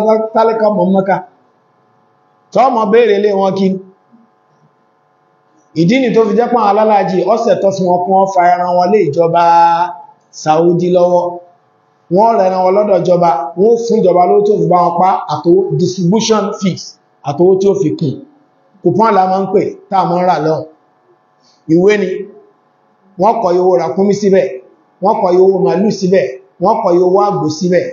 mọ́ka béèrè ìdí ni tó fi jẹ́ pọ́n alálàájì ọ̀sẹ̀ tó fún wọn kún ẹran wọn lé ìjọba Saudi lọ́wọ́ wọ́n rẹran wọn lọ́dọ̀ ìjọba wọ́n fún ìjọba ló tó fi bá wọn pa àtòwó distribution fix àtòwó tí ó fi kùn kùpọ́n là máa ń pè tá a máa rà lọ ìwé ni wọ́n kọ owó ràkúnmí síbẹ̀ wọ́n kọ owó màálù síbẹ̀ wọ́n kọ owó àgbò síbẹ̀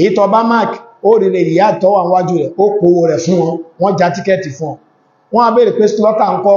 èyí tó bá mark ó rí lè ìyá àtọ́wà wájú rẹ̀ ó kó owó rẹ̀ fún wọn wọ́n já tíkẹ́ẹ̀tì fún wọn wọ́n á pé slọ́tà ń kọ́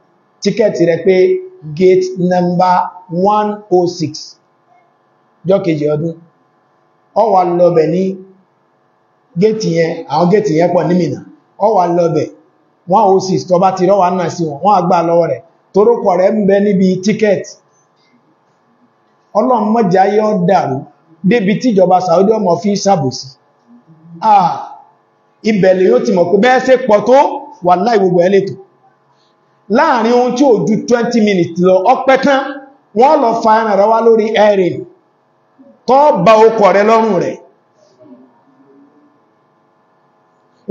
tíkẹ́ẹ̀tì rẹ̀ pé gate number 106 jọ́ kejì ọdún ọ wà lọ́bẹ̀ ní gate yẹn àwọn gate yẹn pọ̀ ní ọ wà lọ́bẹ̀ 106 tó ti rọ́wà náà sí wọn wọ́n àgbà lọ́wọ́ rẹ̀ torókọ rẹ̀ ń bẹ níbi tíkẹ́ẹ̀tì ọlọ́run mọ́jà yọ́ dàrú débi tíjọba Saudi ọmọ fi sàbòsí ah, yóò ti mọ̀ pé bẹ́ẹ̀ pọ̀ tó wà láì gbogbo láàrin ohun tí ó 20 minutes lọ ọpẹ́ tán wọ́n lọ fa ẹran wá lórí airin bá okọ̀ rẹ lọ́rùn rẹ̀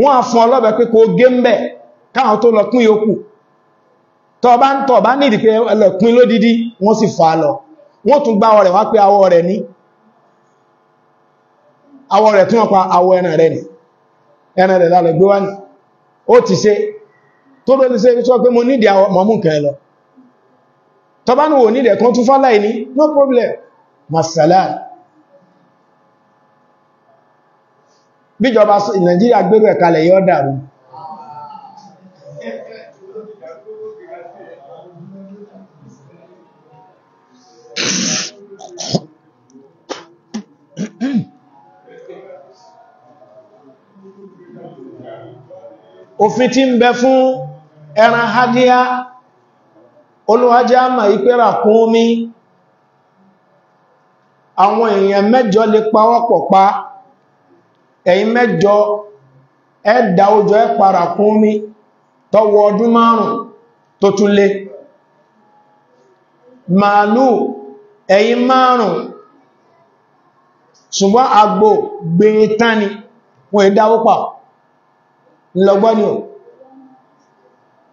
wọ́n a fún ọlọ́bẹ̀ pé kò gé ń bẹ̀ káwọn tó lọ pín kù tọ́ bá ń tọ́ bá nídi pé ẹlọ pín lódídí wọ́n lọ wọ́n tún gbá wá pé awọ rẹ̀ ní awọ rẹ̀ tí wọ́n pa awọ ẹran rẹ̀ tó tó ti ṣe sọ pé mo nídìí àwọn mú nǹkan lọ tọba ní wò nídìí kan tún fáláì ní no problem masala bíjọba Nàìjíríà gbérú ẹ̀ kalẹ̀ yọ́ dàrú òfin tí ń bẹ fún ẹran hádíá olúwájá àmà ìpẹ́rà kún omi àwọn èèyàn mẹ́jọ lè pawọ́pọ̀ pa ẹ̀yìn mẹ́jọ ẹ̀dà ojò ẹ para kún omi tọwọ ọdún márùn tó tún lé màálù ẹ̀yìn márùn ṣùgbọ́n àgbò gbìyàntán ni wọ́n ìdáwó pà lọ́gbọ́n ni ò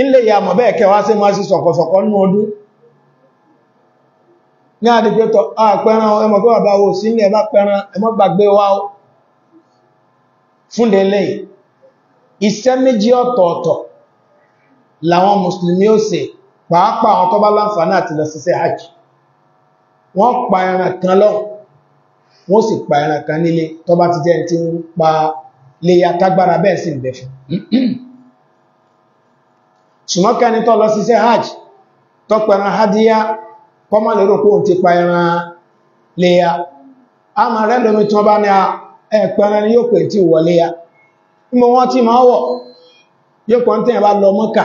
ilé ìyàmọ̀ bẹ́ẹ̀ kẹwàá sí máa sí sọ̀kọ̀sọ̀kọ̀ nínú ọdún ní àdìgbẹ́tọ̀ àpẹran ẹmọ̀ tó bàbá wo sí ilẹ̀ bá pẹran ẹmọ́ gbàgbé wá fúnde lè iṣẹ́ méjì ọ̀tọ̀ọ̀tọ̀ làwọn mùsùlùmí ó ṣe pàápàá àwọn tó bá láǹfààní àti lọ ṣiṣẹ́ hajj wọ́n pa ẹran kan lọ wọ́n sì pa ṣùgbọ́n kẹni tó lọ síṣẹ́ hajj tó pẹran hadiya kọmọ lérò pé òun ti pa ẹran léya a máa rẹ́lómi tí wọ́n bá ní ẹ̀pẹran ni yóò pè tí wọ léya mú wọ́n tí máa wọ̀ yóò pọ̀ tí ẹ̀bá lọ mọ́kà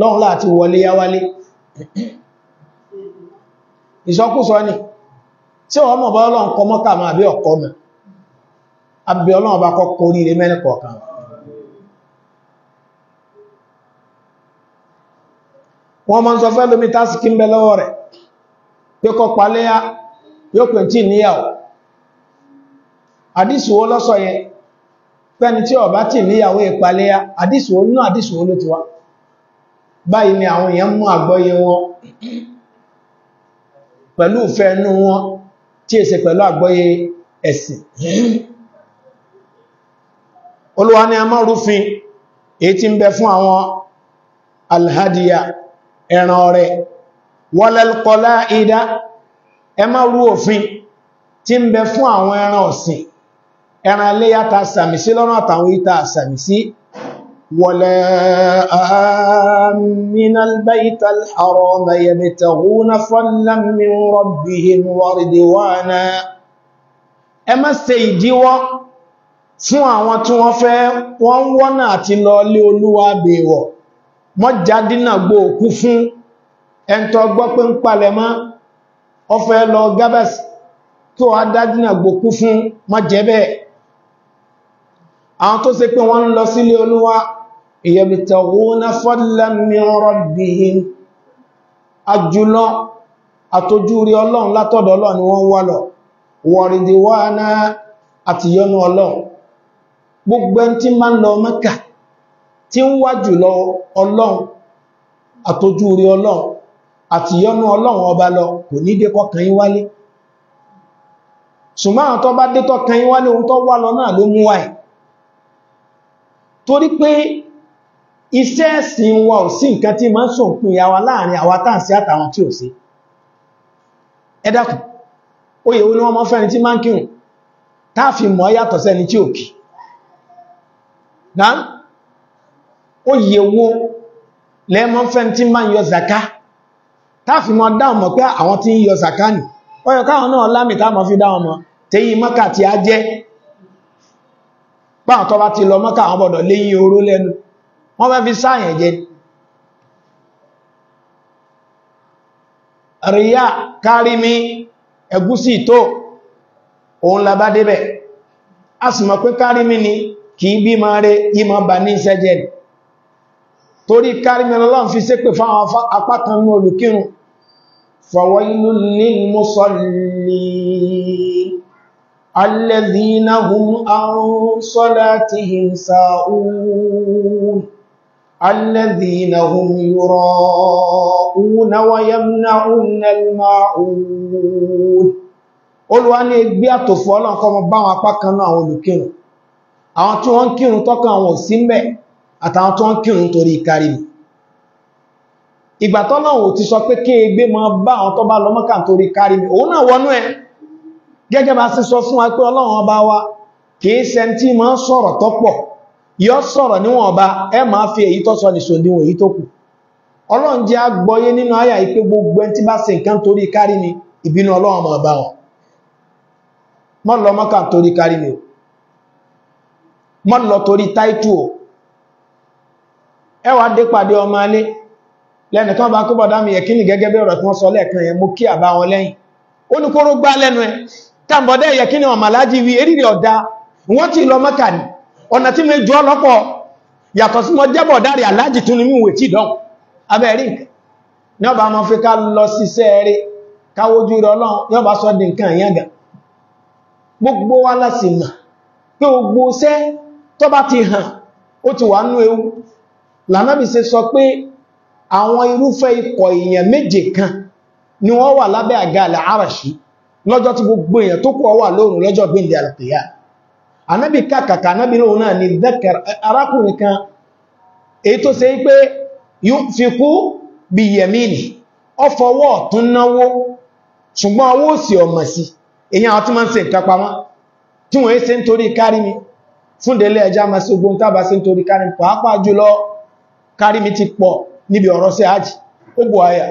lọ́hùn láti wọ léya wálé ìsọkúsọ ni tí wọ́n mọ̀ bá ọlọ́run kọ mọ́kà máa bí ọ̀kọ́ mẹ́ wọ́n mọ́ sọ fẹ́ lómi tásìkí ń bẹ lọ́wọ́ rẹ̀ yóò kọ́ paléyá yóò pè tí níyàwó àdísùwó lọ́sọ̀ fẹ́ni tí ọ̀bá tí níyàwó ìpaléyá àdísùwó náà àdísùwó ló ti wá báyìí ni àwọn èèyàn mú àgbọ́yé wọn pẹ̀lú ìfẹ́ inú wọn tí èsè olúwa ẹran ọrẹ wọ́lẹ́lkọlá ìdá ẹ má rú òfin tí ń bẹ fún àwọn ẹran ọ̀sìn ẹran iléyàtà sàmìsí lọ́nà àtàwọn ìta sàmìsí wọ́lẹ̀ àmìnàlbáìtàl àrọ̀mà yẹ̀mẹ̀tàhúnà fọ́nlámin rọ̀bìhìn wọ́rìdìwánà ẹ má fún àwọn tí wọ́n fẹ́ wọ́n wọ́nà àti lọ lé olúwa bèèwọ̀ mọ́jádínà gbò òkú fún ẹntọ́ gbọ́ pé ń palẹ̀ mọ́ ọfẹ́ lọ gábẹ́sì tó adádínà gbò òkú fún mọ́jẹ́bẹ́ àwọn tó se pé wọ́n ń lọ sílé olúwa ìyẹ̀bìtàwóná lọ gbogbo ẹni tí ń tí ń wá jùlọ ọlọ́run àtọ́jú orí ọlọ́run àti yọnú ọlọ́run ọba lọ kò ní dé kọkàn yín wálé ṣùgbọ́n tó bá dé ohun tó wà lọ náà ló mú ẹ̀ torí pé iṣẹ́ ò sí nǹkan tí máa ń sòǹpin ìyá wa láàrin àwa tá àtàwọn tí ò sí ni wọ́n mọ́ O yi ewu lẹ́mọ́ fẹ́ tí máa ń taa fi táàfì mọ́ dáwọn mọ̀ pé àwọn tí ń yọ zaka nì ọyọ̀ káwọn fi dáwọn mọ̀ tẹ́yí mọ́kà a jẹ́ páwọn tọ́ ti lọ mọ́kà léyìn fi sáàyàn je a sì mọ̀ pé kárí mi ni kì í bí máa ìmọ̀ torí kárímẹ́lọ́lọ́n fi ṣépè fáwọn apákan ní olùkírun fawailul lil musallin alladhina hum an salatihim sa'un alladhina hum yura'una wa yamna'una al-ma'un olúwa ní ẹgbẹ́ àtòfọ́ ọlọ́nkọ́ mọ́ báwọn apákan náà àwọn olùkírun àwọn tí wọ́n ń kírun tọ́kàn àtàwọn tó ń kírun torí kárí mi ìgbà tọ́lọ́wò ti sọ pé kí egbé mọ bá àwọn tó bá lọ Mọ́kà torí kárí mi òun náà wọnú ẹ gẹ́gẹ́ bá sí sọ fún wa pé Ọlọ́run ọba wa kìí ṣe tí ma ń sọ̀rọ̀ tọ́pọ̀ yọ sọ̀rọ̀ níwọ̀n ọba ẹ máa fi èyí tó sọ nìṣò níwọ̀n èyí tó kù Ọlọ́run jẹ́ agbọ́yé nínú àyà yìí pé gbogbo ẹni tí bá ṣe nǹkan torí kárí mi ìbínú Ọlọ́run ọmọ ọba wọn mọ́ lọ Mọ́kà torí kárí mi mọ́ lọ torí táìtù o ẹwà dé pàdé ọmọ alé lẹ́nì tán bá kó bọ̀dá mi yẹ̀kíní gẹ́gẹ́ bí ọ̀rọ̀ tí wọ́n sọ lẹ́ẹ̀kan yẹn mú kí àbá wọn lẹ́yìn ó ní kóró gbá lẹ́nu ẹ tàbọ̀dẹ́ yẹ̀kíní ọmọ wí erìrì ọ̀dá wọ́n ti lọ mọ́kà ọ̀nà tí mi jọ lọ́pọ̀ yàtọ̀ sí mọ́ jẹ́bọ̀ dárí ewu lànàbì ṣe sọ pé àwọn irúfẹ́ ikọ̀ èèyàn méje kan ni wọ́n wà lábẹ́ àga àlẹ́ àràṣí lọ́jọ́ tí gbogbo èèyàn tó kù wà lóòrùn lọ́jọ́ gbéǹdé àlùkìyà ànábì kàkàkà ànábì náà ni arákùnrin kan èyí tó ṣe pé yunfiqu bi yamini ó fọwọ́ ọ̀tún náwó ṣùgbọ́n owó òsì ọ̀mọ̀ sí èyàn àwọn tí máa ń ṣe nǹkan pamọ́ tí wọ́n ṣe kárí mi ti pọ̀ níbi ọ̀rọ̀ sí àjì ó bù ayà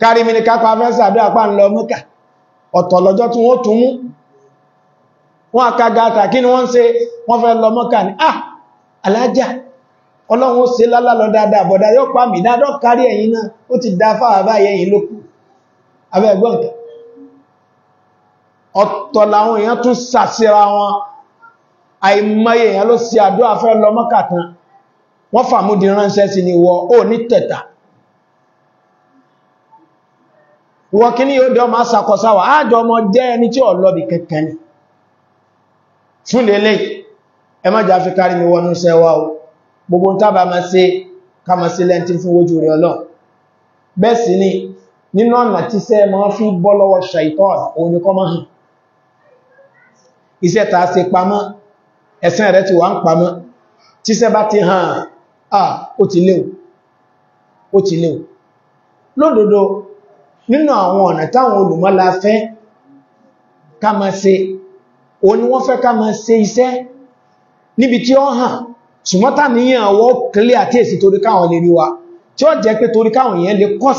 kárí mi ni kápa fẹ́sẹ̀ àbí àpá ń lọ mọ́kà ọ̀tọ̀ tí wọ́n tún mú wọ́n àkagata kí ni wọ́n ṣe wọ́n fẹ́ lọ mọ́kà ní ah alájà ọlọ́run ó ṣe lálálọ dáadáa bọ̀dá yóò pa mí dáadọ́ kárí ẹ̀yìn náà ó ti dá fáàbá ẹ̀yìn lókù abẹ́gbọ́nkà àìmọye èèyàn ló sí àdó fẹ́ lọ mọ́kàtán wọ́n fàmúdi ránṣẹ́ sí ni wọ ó ní tẹ̀ta wọ́n kí ní yóò dọ́ máa sàkọsáwà ájọ ọmọ jẹ́ ẹni tí ọlọ́bì kẹkẹ kẹkẹni fún lélẹ̀ ẹ má jà fi kárí mi wọnú sẹ́wà o gbogbo ni nínú fi ṣe pamọ́ ẹ̀sìn rẹ̀ ti wà ń pamọ́ tíṣẹ́ bá ti hàn àà ó ti léwu ó nínú àwọn ọ̀nà táwọn olùmọ́lá fẹ́ ká máa o ni wọ́n fẹ́ ká máa iṣẹ́ níbi tí ó hàn ṣùgbọ́n níyàn wọ́n kílẹ̀ àti èsì torí káwọn lè rí wa tí ó jẹ́ pé torí káwọn èèyàn lè kọ́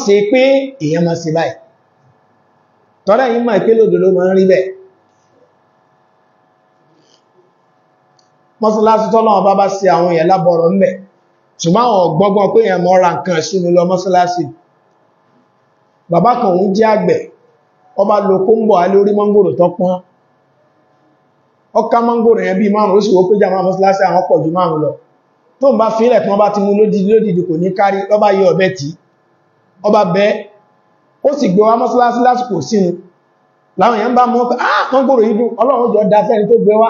mọ́sálásí tọ́lọ́wọ́ bá bá sí àwọn èèyàn lábọ̀rọ̀ mẹ́ ṣùgbọ́n àwọn ọ̀gbọ́gbọ́n pé èèyàn mọ́ ra nǹkan sínú lọ mọ́sálásí bàbá kan ń jẹ́ àgbẹ̀ ọba lo kóńbọ̀ alórí mọ́ngòrò tó pọ́n ọká mọ́ngòrò yẹn bí márùn ó sì wó péjà máa mọ́sálásí àwọn pọ̀ ju márùn lọ tó ń bá fílẹ̀ tí wọ́n bá ti mú lódìdí lódìdí kò ní kárí lọ́ba yẹ ọ̀bẹ tí ọba bẹ ó sì gbé wa mọ́sálásí lásìkò sínú làwọn èèyàn bá mọ́ pé ah mọ́ngòrò yìí dùn ọlọ́run jọ da fẹ́ni tó gbé wa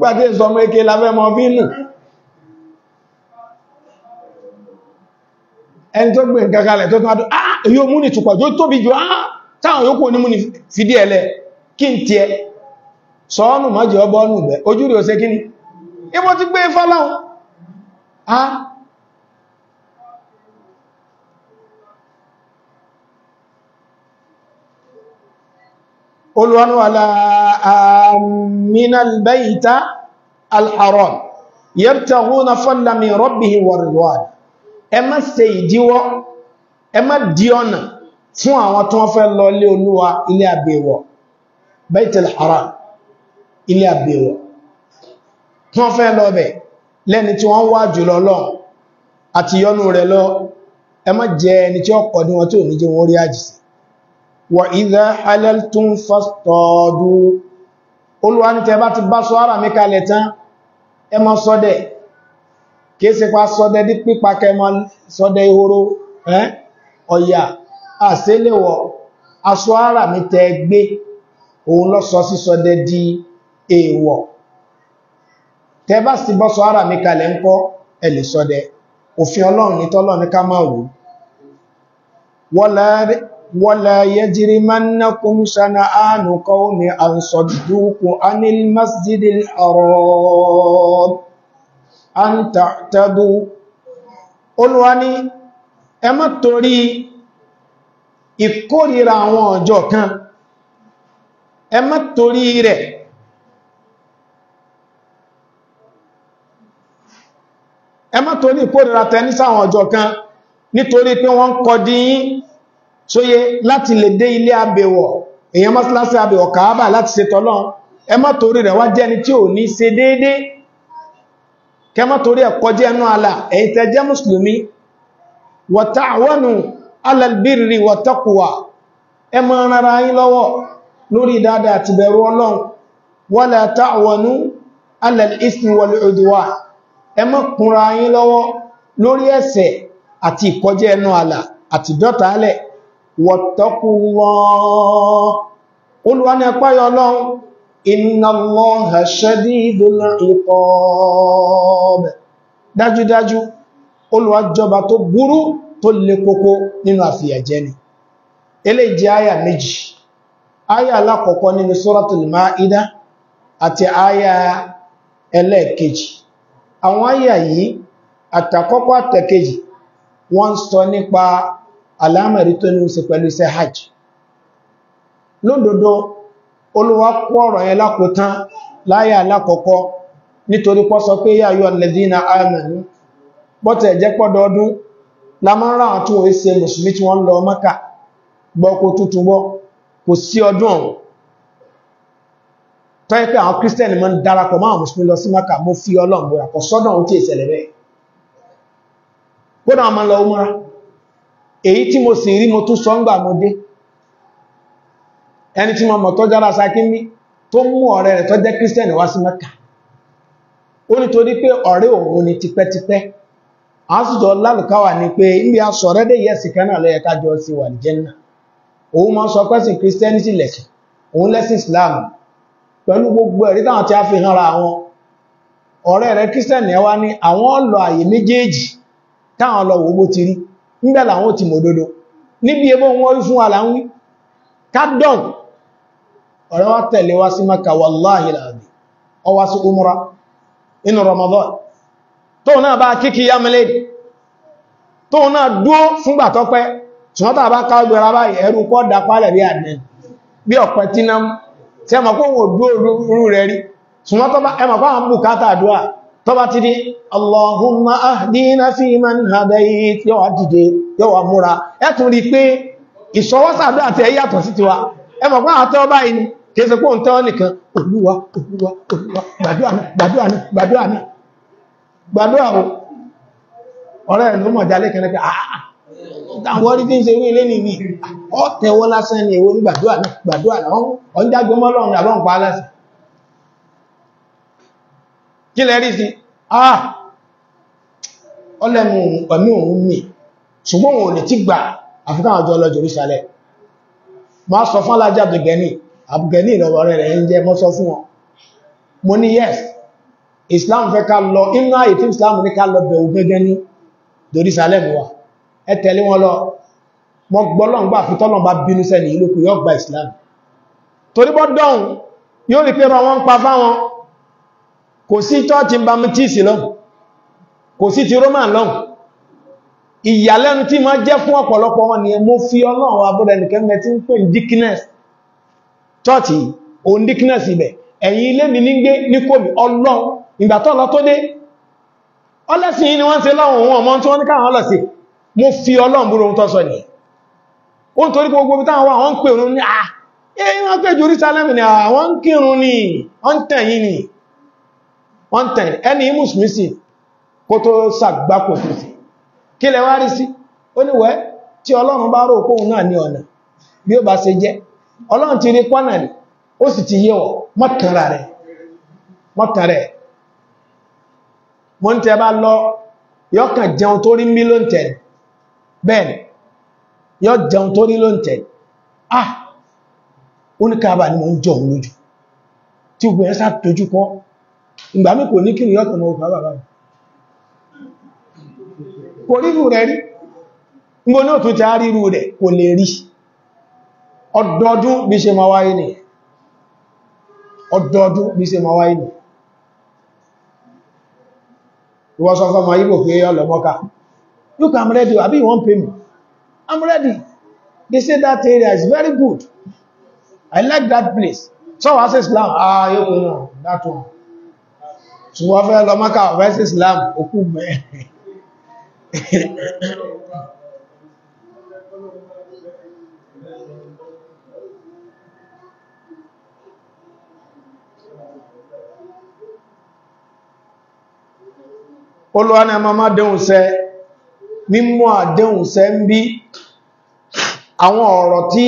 gbàtí ìsọmọ eke lábẹ́ mọ́ fi nù ẹni tó gbé nǹkan kalẹ̀ tó tó àdó ah èyí ò múni tùpọ̀ tó tóbi jù ah táwọn yóò kò ní múni fìdí ẹ̀lẹ̀ kí n tiẹ̀ sọ́ọ́nù mọ́jẹ̀ ọbọ́nù bẹ̀ ojú rí ó sé kíní ibo ti ah olùwánú aláàmìnàlbẹ́ìta alharam yabtaghuna fadlan min rabbihim wa ridwan ẹ má ṣe ìdíwọ́ ẹ má dí ọ̀nà fún àwọn tó fẹ́ lọ ilé olúwa ilé àbẹ̀wọ̀ baitul haram ilé àbẹ̀wọ̀ tó fẹ́ lọ bẹ̀ lẹ́ni tí wọ́n wá jùlọ lọ àti yọ́nú rẹ̀ lọ ẹ má jẹ́ ẹni tí ó ní wọn tí ò ní jẹ́ wọ́n rí àjìsí wà ìdá halaltun fastọ́ọ̀dú olúwa ní tẹ bá ti bá sọ ara mi kalẹ̀ tán ẹ má sọdẹ kìí ṣe pa sọdẹ ní pípa kẹmọ sọdẹ ihoro ọ̀yà àṣẹ́lẹ̀wọ̀ aṣọ ara mi tẹ gbé òun lọ sọ sí sọdẹ di èèwọ̀ tẹ bá sì bọ́ sọ ara mi kalẹ̀ ń kọ́ ẹ lè òfin ọlọ́run ní tọ́lọ́run ولا يجرمنكم شنآن قوم أن صدوكم عن المسجد الحرام أن تعتدوا Olúwa ní ẹ má torí ìkórìíra àwọn ọjọ́ kan ẹ má torí rẹ̀ ẹ má torí ìkórìíra tẹ́ ní sáwọn ọjọ́ kan nítorí pé wọ́n kọ́ díyín sóyé láti lè dé ilé abẹ̀wọ̀ èèyàn mọ́sálásí abẹ̀wọ̀ kàábà láti ṣe tọ́lọ́n ẹ má torí rẹ̀ wá jẹ́ ẹni tí ò ní ṣe déédé kẹ má torí ẹ̀ kọjá ẹnu àlà ẹ̀yin tẹ́ jẹ́ mùsùlùmí wa ta'awanu 'ala al-birri wa taqwa ẹ má rárá yín lọ́wọ́ lórí dáadáa àti bẹ̀rù Ọlọ́run wala ta'awanu ẹnu àlà àti dọ́tàálẹ̀ wattaqullah olúwa ní ẹpáyọ ọlọ́run innallaha shadidul iqab dájúdájú olúwa jọba tó burú tó le koko nínú àfìyàjẹ́ ni eléyìí jẹ́ àyà méjì àyà alákọ̀ọ́kọ́ nínú suratul Ma'idah àti àyà ẹlẹ́ẹ̀kejì àwọn àyà yìí àtàkọ́kọ́ àtẹ̀kejì wọ́n sọ nípa alámẹ̀rí tó ní ṣe pẹ̀lú iṣẹ́ hajj lódodo olúwa kó ọ̀rọ̀ yẹn lákòótán láyà alákọ̀ọ́kọ́ nítorí pọ́ sọ pé yáyọ lẹ́dínà amẹ̀nú bọ́tẹ̀ jẹ́ pọ́dọọdún lámọ́ràn àti òun ṣe ọdún ọ̀hún tó yẹ pé àwọn kírísítẹ́nì máa ń darapọ̀ maka mo fi èyí tí mo sì rí mo tún sọ ń gbà ẹni tí mo mọ̀ tó mí tó mú ọ̀rẹ́ rẹ̀ tọ́jẹ́ wá sí mẹ́kà ó pé ọ̀rẹ́ ni tipẹ́tipẹ́ àásùjọ pé ibi kájọ sí wà jẹ́nà òun mọ́ sọ pẹ́sìn lẹ̀sìn òun lẹ́sìn Islam pẹ̀lú gbogbo ẹ̀rí táwọn tí a fi hàn àwọn ọ̀rẹ́ rẹ̀ kírísítẹ́nì ẹ wá ní àwọn lọ àyè méjèèjì táwọn lọ bó ti níbẹ̀ làwọn ti mòdodo níbi ebó wọn fún àlà kádọ́n ọ̀rẹ́ wá tẹ̀lé wá sí maka wàláhì ọwá sí umra inú Ramadan tó náà bá kíkí ya mẹ́lẹ́ tó náà dúó fúngbà tọ́pẹ́ ṣùgbọ́n bá kágbẹ̀rẹ̀ tọ́bá ti di Allahumma ahdina fi man hadayit yọ́ wà dìde yọ́ wà múra ẹ̀tún rí pé ìṣọwọ́sàdọ́ àti ẹ̀yàtọ̀ sí ti wa ẹmọ̀ pọ́n àtọ́ báyìí ni kéèsè pọ́n tọ́ nìkan olúwa olúwa olúwa gbàdúrà náà gbàdúrà náà gbàdúrà ọ̀rẹ́ ẹ̀ mọ̀ jálé ah, ah, ah, kẹ́rẹ́ kí lẹ́rí sí ah ọlẹ́nu pẹ̀mí òun mi ṣùgbọ́n òun lè ti gbà àfikà àjọ lọ Jerusalem ma sọ fún alájá Abdulgani Abdulgani ìlọ́wọ́ rẹ̀ ń jẹ́ mọ́ sọ fún wọn mo ní yes Islam fẹ́ ká lọ inú ààyè Islam ní ká lọ bẹ̀rù gẹ́gẹ́ ní Jerusalem wa ẹ tẹ̀lé wọn lọ mọ́ gbọ́lọ́ngbà fitọ́lọ́n bá bínú sẹ́ni ìlú kù yọ́ Islam torí bọ́ dọ́hun yóò rí pé rọ kò sí chọ́ọ̀tì bamtíìsì náà kò sí ti roman náà ìyàlẹ́nu tí ma jẹ́ fún ọ̀pọ̀lọpọ̀ wọn ni mo fi ọlọ́run abúrẹ́nìkẹ́mẹ́ tí ń pè ní dickness chọ́ọ̀tì òun dickness ibẹ̀ ẹ̀yìn ilé mi ní gbé ní kòmí ọlọ́run ìgbàtọ́ lọ tó dé ọlẹ́sìn ni wọ́n ṣe láwọn ohun ọmọ tí wọ́n ní káwọn ọlọ́sì ni ó ń torí gbogbo wọ́n tẹ̀yìn ẹni mùsùlùmí sí kó tó sàgbákò sí sí kí lẹ wá rí sí ó níwẹ́ tí ọlọ́run bá rò kóhun náà ní ọ̀nà bí ó bá ṣe jẹ́ ọlọ́run ti rí pọ́nà rí ó sì ti yíwọ̀ mọ́kànrà rẹ̀ mọ́kàn rẹ̀ mọ́ ń bá lọ yọ́kàn jẹun tó rí mí ló ah oníkàbà ni mo ń jọ òun ìgbà mí kò ní kí ni yọ́tọ̀ mọ́ bàbá bàbá kò rírù rẹ̀ rí ngbó náà tó ti rírù rẹ̀ kò lè rí ọdọọdún bí ṣe ma nì ọdọọdún bí ṣe ma nì ìwọ́n sọ fọ́mọ yíbò pé ọlọ́mọ́ká look i'm ready àbí you wan pay me i'm ready they say that area is very good i like that place so i say islam ah yóò pè náà that one ṣùgbọ́n fẹ́ lọ mọ́ká ọ̀fẹ́sì Islam òkú mẹ́ olúwa ní ọmọ dẹ̀hùn sẹ mímú àdẹ̀hùn sẹ ń bí àwọn ọ̀rọ̀ tí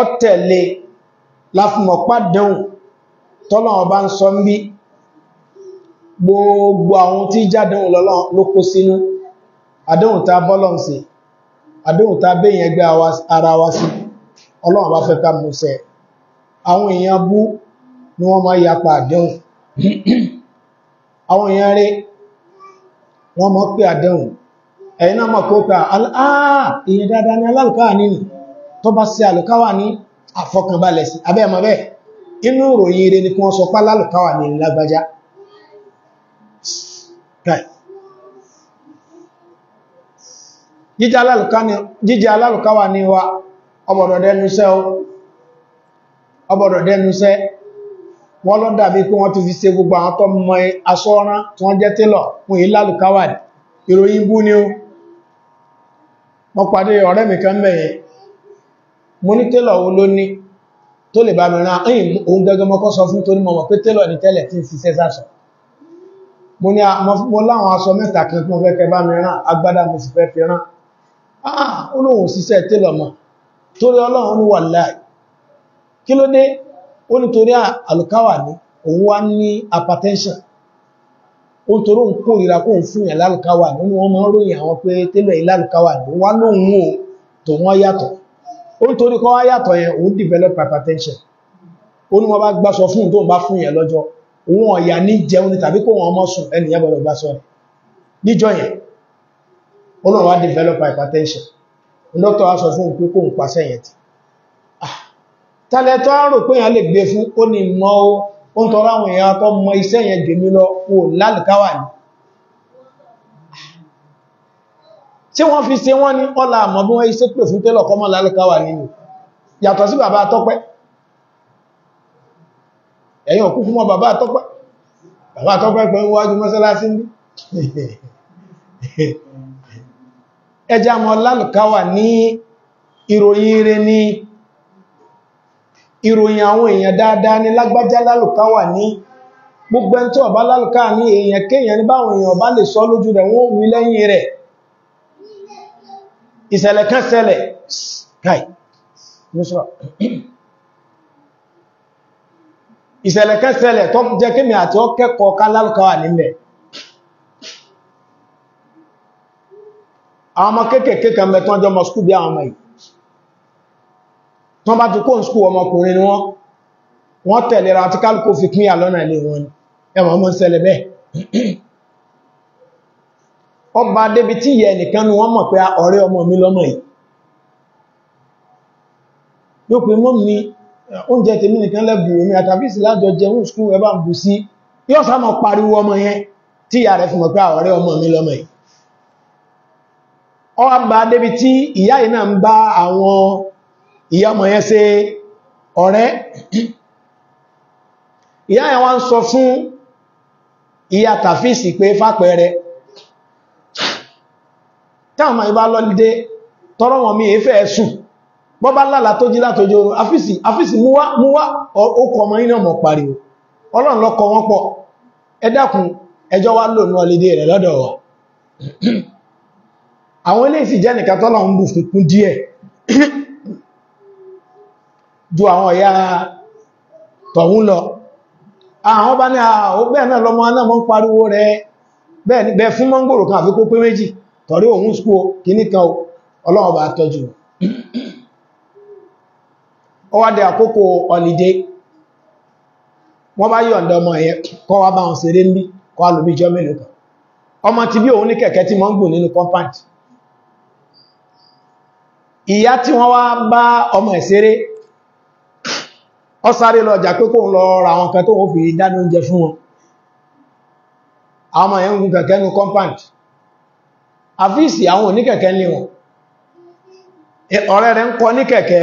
ọ tẹ̀lé láfimọ̀pá dẹ̀hùn tọ́lọ̀ ọba ń sọ ń bí gbogbo àwọn tí jádánwò lọ́lọ́n ló kó sínú àdéhùn ta bọ́lọ̀n sí àdéhùn ta béèyàn ẹgbẹ́ ara wa sí ọlọ́run bá fẹ́ ká mọ̀ọ́sẹ̀ àwọn èèyàn bú ni wọ́n máa yapa àdéhùn àwọn èèyàn rẹ̀ wọ́n mọ̀ pé àdéhùn ẹ̀yìn náà mọ̀ kópa aláà èèyàn dáadáa ni alálùkáwà nínú tó bá sí àlùkáwà ní àfọkànbalẹ̀ sí abẹ́ ẹ̀mọ́ bẹ́ẹ̀ inú ìròyìn ire ni kí wọ́n sọ pá lálùkáwà ní lágbájá jíjẹ alálùká wà ní wa ọbọ̀dọ̀ dẹnusẹ́ ọbọ̀dọ̀ dẹnusẹ́ wọ́n lọ dàbí kí wọ́n ti fi se gbogbo àwọn tó mọ tí wọ́n jẹ́ télọ̀ fún ìlálùkáwà ìròyìn bú ni ó mọ́ ọ̀rẹ́ mi kan bẹ̀yẹ mo ní télọ̀ wo ló ní tó lè bá mi rán òun gẹ́gẹ́ mọ́kọ́ sọ fún mo ní mo láwọn aṣọ mẹ́ta kan tí mo fẹ́ kẹ́ bá mi agbádá mo sì fẹ́ fi rán ah olóhùn òṣìṣẹ́ télọ̀ mọ́ torí ọlọ́run ní wàláì kí ló dé ó nítorí àlùkáwà ní òun wá ní hypertension ó ń torí òun kó ìra kó ń fún yàn lálùkáwà ní wọ́n máa ń ròyìn àwọn pé télọ̀ yìí lálùkáwà ní wá lóhun o tó wọ́n yàtọ̀ ó ń torí kọ́ wá yàtọ̀ yẹn òun develop hypertension ó ní wọ́n bá gbàsọ fún un bá fún yàn lọ́jọ́ òun ọ̀yà ní jẹun ni tàbí kó wọn ọmọ sùn ẹnìyàn gbọ́dọ̀ gbá sọ́rọ̀ níjọ yẹn ó náà wá develop hypertension dókítà wá sọ fún un pé kó ń pàṣẹ yẹn ti ah, tẹ́lẹ̀ tó á rò pé yẹn lè gbé fún ó ní mọ́ ó ń tọrọ àwọn èèyàn tó mọ iṣẹ́ ẹ̀yìn òkúkú mọ́ bàbá àtọ́pẹ́ bàbá àtọ́pẹ́ pẹ̀ ń wájú mọ́sálásí ní ẹjá mọ́ lálùkáwà ní ìròyìn ire ní ìròyìn àwọn èèyàn dáadáa ní lágbájá lálùkáwà ní gbogbo ẹni tó ọba lálùká ní kai nusra ìṣẹ̀lẹ̀ kẹsẹ̀lẹ̀ tó jẹ́ kémi àti ọ kẹ́kọ̀ọ́ kálálùkọ́wà nílẹ̀ àwọn ọmọ kéèkèé kan mẹ́tọ́ jọ mọ̀ skú bí àwọn ọmọ yìí tán bá ti kó ń skú ọmọkùnrin ni wọ́n wọ́n fi ilé wọn ẹwọ̀n ọmọ bẹ́ẹ̀ ọba débi tí ìyẹ nìkan ni wọ́n mọ̀ pé ọ̀rẹ́ ọmọ mi lọ́mọ yìí oúnjẹ tèmi nìkan lẹ́bù omi àtàfíìsì lájọ jẹun skú ẹbá ń bù sí yóò sá mọ̀ pariwo ọmọ yẹn tí ìyá rẹ̀ fi mọ̀ pé àwọ̀rẹ́ ọmọ mi lọ́mọ yìí ọ bá débi tí ìyá yìí náà ń bá àwọn ìyá ọmọ yẹn ṣe ọ̀rẹ́ ìyá yẹn wá ń sọ fún ìyá tàfíìsì pé fápẹẹrẹ táwọn ọmọ yìí bá wọn mi èéfẹ́ sùn bọ́bá lálàá tó jí látọjọ́ orun àfíìsì àfíìsì múwá múwá okọ̀ ọmọ iná mọ̀ pariwo ọlọ́run lọ́kọ̀ wọn pọ̀ ẹ dákun ẹjọ́ wá lò náà lédè rẹ̀ lọ́dọ̀ wa àwọn ilé ìsì jẹ́ nìkan tọ́lọ̀ ń bù fúnkún díẹ̀ ju àwọn ọ̀yá tọ̀hún lọ àwọn bá ní àwọn bẹ́ẹ̀ náà lọ́mọ náà mọ́ ń pariwo rẹ̀ bẹ́ẹ̀ fún mọ́ngbòrò kan àfikún pé méjì torí òun skú kìíní kan ọlọ́run bá tọ́jú ó wá dé àkókò wọ́n bá yọ̀ǹda ọmọ ẹ̀yẹ kọ́ wá bá wọn ṣeré ń kọ́ jọ ọmọ ti bí òun ní kẹ̀kẹ́ tí wọ́n gùn nínú compound ìyá tí wọ́n wá bá ọmọ ẹ̀ ọ sáré lọ ọjà pé kóun lọ ra àwọn kan tó fún wọn àwọn ń kẹ̀kẹ́ nínú compound àfíìsì àwọn oníkẹ̀kẹ́ ní kẹ̀kẹ́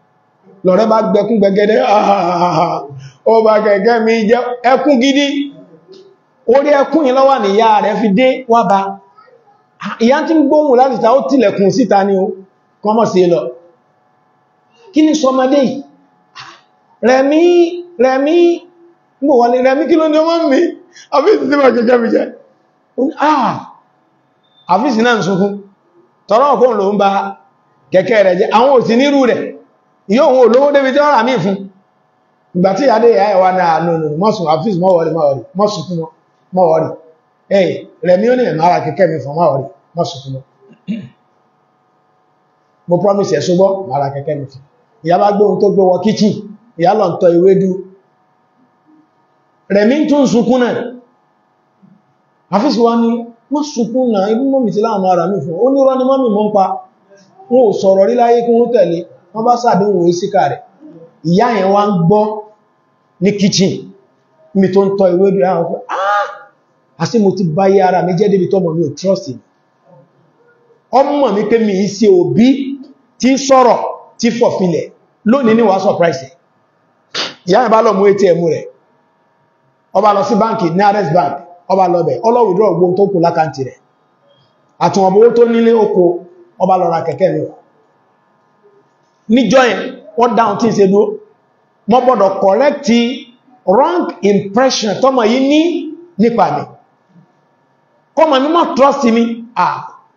lọ́rẹ́ bá gbẹkún gbẹgẹdẹ ó bá gẹ̀gẹ́ mi jẹ́ ẹkún gidi orí ẹkún yìí lọ́wà níyà rẹ̀ fi dé wá bá ìyá tí ń gbóhùn láti ta ó tilẹ̀kùn síta ni ó kọmọ̀ lọ kí ni sọmọdé rẹ̀mí rẹ̀mí gbò rẹ̀mí kí yóò wọn olówó débi tí wọ́n rà mí fún ìgbà tí ìyáde ìyá náà nù nù mọ́sùn àfíìs mọ́wọ́rì mọ́wọ́rì mọ́sùn fún rẹ̀mí ó ní ẹ̀mọ́ ara mi fún mọ́wọ́rì mọ́sùn fún mo promise ẹ̀ sógbọ́ ara kẹ̀kẹ́ mi fún ìyá bá gbóhun tó gbé wọ kíchì ìyá lọ ń tọ rẹ̀mí sunkún náà mi fún ó ní rọ́ ni wọ́n bá sàdéhùn ìsíkà rẹ̀ ìyá yẹn wá ń gbọ́ ní kitchen mi tó ń tọ́ ìwé bí àwọn ọkọ̀ ah! àti mo ti báyé ara mi jẹ́ débi tọ́mọ̀ mi ò trust in ọmọ mi pé mi ṣe òbí tí sọ̀rọ̀ tí fọ̀filẹ̀ lónìí ní wà surprise ìyá yẹn bá lọ mú ATM rẹ̀ ó lọ sí báǹkì nearest bank ó bá lọ bẹ̀ ó lọ withdraw gbóhun tó kù lákàntì rẹ̀ àtùwọ̀n owó tó nílé oko ó lọ ra kẹ̀kẹ́ mi wà níjọ́ yẹn wọ́n dáhùn tí ń ṣe dúró mo gbọ́dọ̀ correct wrong impression tọ́mọ yìí ní nípa mi kọ́mọ mi mọ́ trust mi à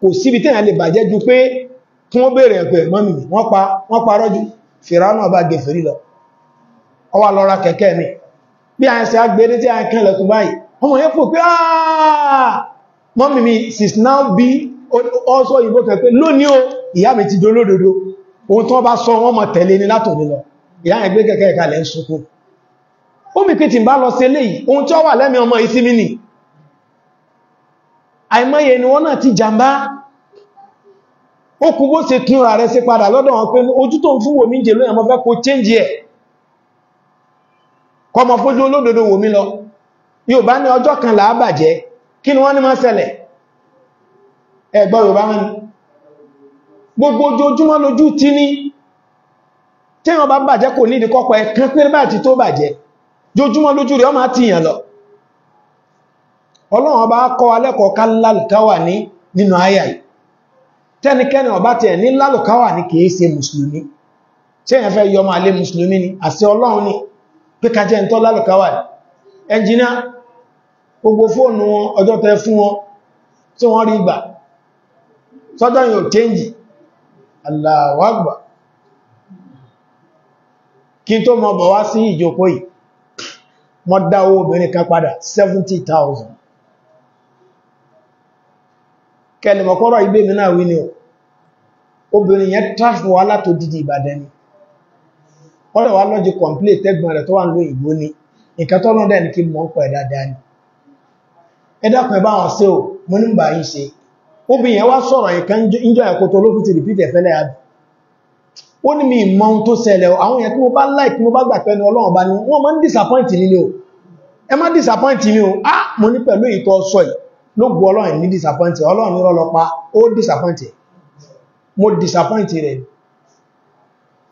kò síbi tí èèyàn lè bàjẹ́ ju pé kí wọ́n béèrè ẹ̀pẹ̀ mọ́mí wọ́n pa wọ́n parọ́ jù fìránù ọba gẹ̀fẹ̀rí lọ ọwà lọ́ra kẹ̀kẹ́ mi bí a ń ṣe agbẹ́dẹ́ tí a ń kẹ́lẹ̀kùn báyìí ọmọ yẹn fò pé mọ́mí mi sis now be also ìbókẹ̀ pé lónìí o ìyá mi ti dolódodo ohun tó bá sọ wọn mọ̀ tẹ̀lé ní látòrí lọ ìyáyẹ̀ gbé kẹ́kẹ́ ìkàlẹ̀ ń sunkún mi bá lọ sí ohun tó wà lẹ́mí ọmọ ìsinmi nì àìmọ́yẹ ni wọ́n náà ti jàmbá ó bó ṣe túnra rẹ̀ sí padà lọ́dọ̀ wọn pé ojú tó ń fún wòmí jẹ lóyìn ọmọ fẹ́ gbogbo ojoojúmọ́ lójú tí ní tẹ́yàn bá bàjẹ́ kò ní ìdíkọ́pọ̀ ẹ̀kan pé báyìí tó bàjẹ́ jojúmọ́ lójú rẹ̀ ọmọ ti yàn lọ ọlọ́run ọba kọ́ alẹ́kọ̀ọ́ ká lálùkáwà ní nínú àyà tẹ́nikẹ́ni ọba tẹ̀ ní lálùkáwà ní kìí ṣe mùsùlùmí tẹ́yàn fẹ́ yọmọ mùsùlùmí ni ọlọ́run ni pé ká jẹ́ lálùkáwà ní ẹnjìnà gbogbo fóònù wọn ọjọ́ tẹ fún wọn Allahu Akbar kí tó mọ bọ̀ wá sí ìjókòó yìí mọ́ dá owó obìnrin kan padà 70,000 kẹlìmọ̀kọ́rọ̀ ibé mi náà wí ni o obìnrin yẹn tráfù wá látò dìdì Ìbàdàn ni wọ́n wá lọ́jì kọ̀m̀plé tẹ́gbọ̀n rẹ̀ tó wà ń lo ìgbó ni nǹkan tó ní kí mọ́ pẹ̀ dáadáa ni ẹ dákun ẹ bá wọn ṣe o mo ní obìnrin wá sọ̀rọ̀ ìkan ìjọ ẹ̀kọ́tọ̀ olófin ti repeat ẹ̀fẹ́lẹ́ àbí ó ní mi mọ́ ohun tó ṣẹlẹ̀ àwọn èèyàn tí mo bá like mo bá gbà pẹ́nu ọlọ́run bá ní wọ́n máa ni o ẹ má disappoint mi o á ah! mo ní pẹ̀lú ìtọ́ sọ mo disappoint rẹ̀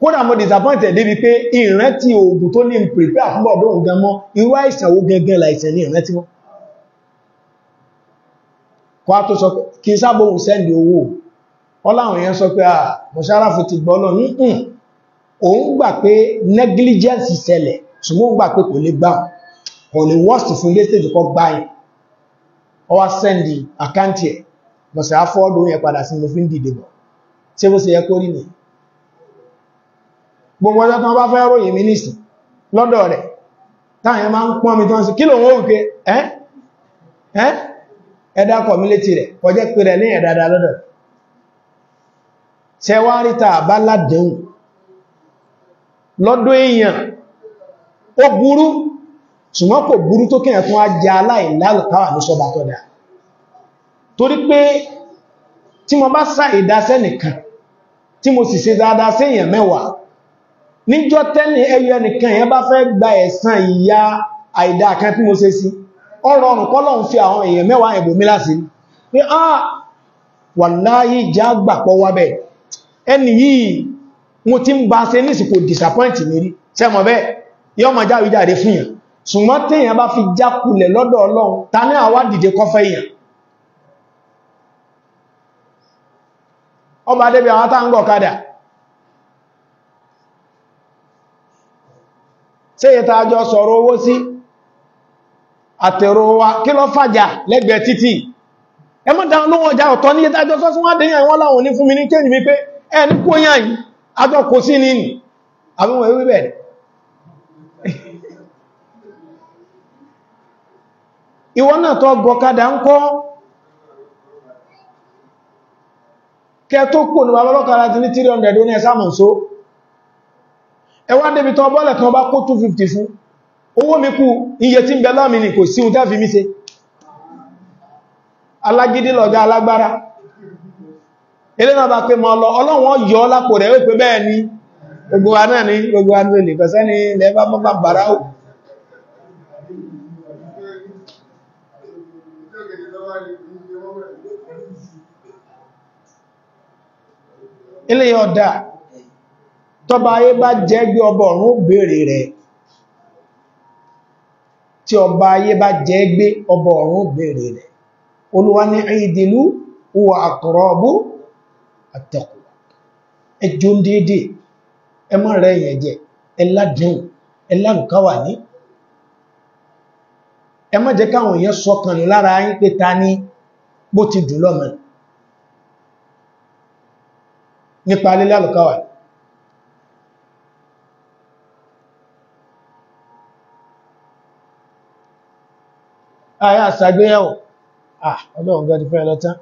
kódà mo disappoint débi pé ìrántí oògùn tó ní prepare fún bọ̀dọ̀ òun mọ́ irú àìsàn wo gangan ní ìrántí mọ́ kọ́ tó sọ kí sábòhùn sẹ́ndì owó ọláwọn èèyàn sọ pé àà mọ̀ṣáráfù ti gbọ́ náà nùn òun gbà pé negligence ṣẹlẹ̀ ṣùgbọ́n òun gbà pé kò lè gbà kò lè worst fún ilé stage kọ́ gbà yìí ọwá sẹ́ndì àkáǹtì ẹ̀ mọ̀ṣá fọ́ọ̀dù yẹn padà sí mo fi ń dìde bọ̀ ṣé bó ṣe yẹ kó rí ni gbogbo ọjọ́ tí wọ́n bá fẹ́ ròyìn mi nìsín lọ́dọ̀ rẹ̀ táwọn yẹn máa ń pọ́n mi tó ń kí lòun ó wù pé ẹ́ ẹ́ ẹ̀dá kọ̀mílétì rẹ̀ kọjẹ́ pé rẹ̀ ní ẹ̀dàdà lọ́dọ̀ ṣẹwárítà bá ládẹ̀un lọ́dọ̀ èèyàn ó burú ṣùgbọ́n kò burú tó kíyàn tún á jẹ aláìlálùkáwà ní sọba tọ́dà torí pé tí mo bá sá ìdásẹ́ nìkan tí mo sì ṣe dáadáa sí èèyàn mẹ́wàá níjọ́ tẹ́ni ẹyọ ẹnìkan yẹn bá fẹ́ gba ẹ̀san ìyá àìdá kan tí mo ṣe sí ọ̀rọ̀ ọ̀rùn kọ́lọ̀ ń fi àwọn èèyàn mẹ́wàá ẹ̀bò mílá sí pé á ah, wà láyé já gbàpọ̀ wà bẹ̀ ẹni yìí mo ti ń bá ṣe ní ìsìnkò disappoint mérí sẹ́mọ̀ bẹ́ẹ̀ yọ́ ma jáwé fún yàn ṣùgbọ́n téèyàn bá fi jákulẹ̀ lọ́dọ̀ ta ní àtẹ̀rọ wa kí lọ fàjà lẹ́gbẹ̀ẹ́ títì ẹ mọ́ ọjà ọ̀tọ́ ní ìdájọ́ wọ́n dẹ̀yàn láwọn ní fún mi ní kéjì wípé ẹ ní kó yàn yìí kò sí ní ewé rẹ̀ ìwọ́n náà tọ́ 250 fún owó mi kú iye tí ń bẹ láàmì ni kò sí ohun tẹ́ fi mí ṣe alágídí lọ̀gá alágbára ilé náà bá pé mọ́ lọ ọlọ́wọ́n yọ lápò rẹ̀ wípé bẹ́ẹ̀ ni gbogbo wa náà gbogbo ni ni lẹ́bá mọ́ tọba bá jẹ́ tí ọba ayé bá jẹ́ gbé ọba ọ̀run bèèrè rẹ̀ olúwa ní ìdìlú huwa aqrabu at-taqwa ẹjọ́ déédé ẹ má rẹ̀ yẹn jẹ ẹládùn ẹlárùkáwà ní ẹ má jẹ́ káwọn èèyàn sọkànnù lára yín pé ta ní bó ti dùn lọ́mọ nípa lílárùkáwà ní àyà ṣàgbéyẹ̀wò ah, ọlọ́run gẹ́dì fẹ́ lọ́tán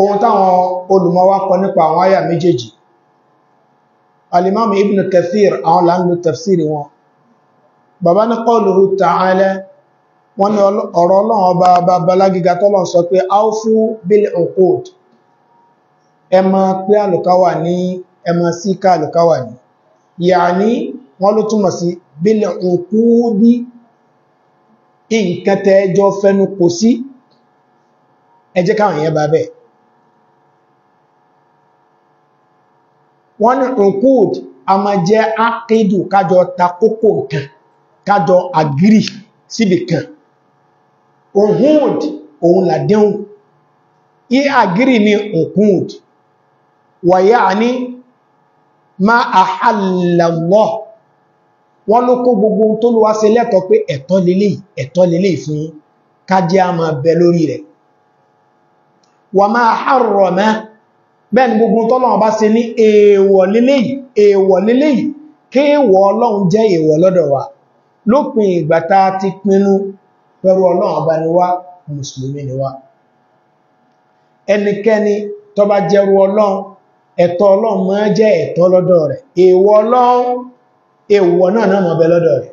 ohun táwọn olùmọ́wá kọ nípa àwọn àyà méjèèjì alimami ibn kathir àwọn láńlò tafsiri wọn bàbá ní qawluhu ta'ala wọn ni ọ̀rọ̀ ọlọ́run ọba sọ pé wọ́n sí nǹkan tẹ́ẹjọ́ fẹ́nu kò sí ẹ jẹ́ káwọn yẹn bá bẹ́ẹ̀ wọ́n ní nkúd a máa jẹ́ ákídù kájọ takókò nǹkan kájọ àgírí síbì kan òhúd òun làdéhùn yí àgírí ní nkúd wàyá ní ma àhàlàlọ́ wọ́n ló kó gbogbo ohun tó ló wá ṣe lẹ́tọ̀ pé ẹ̀tọ́ lélé ẹ̀tọ́ lélé fún yín kájẹ́ a máa bẹ lórí rẹ̀ wà máa hàrọ̀ mẹ́ bẹ́ẹ̀ ni gbogbo tọ́lọ́run bá ṣe ní èèwọ̀ lélé èèwọ̀ lélé kéèwọ̀ ọlọ́run jẹ́ èèwọ̀ lọ́dọ̀ wa lópin ìgbà ti pinnu pẹ̀rù ọlọ́run bá èwọ̀ náà náà mọ̀ bẹ lọ́dọ̀ rẹ̀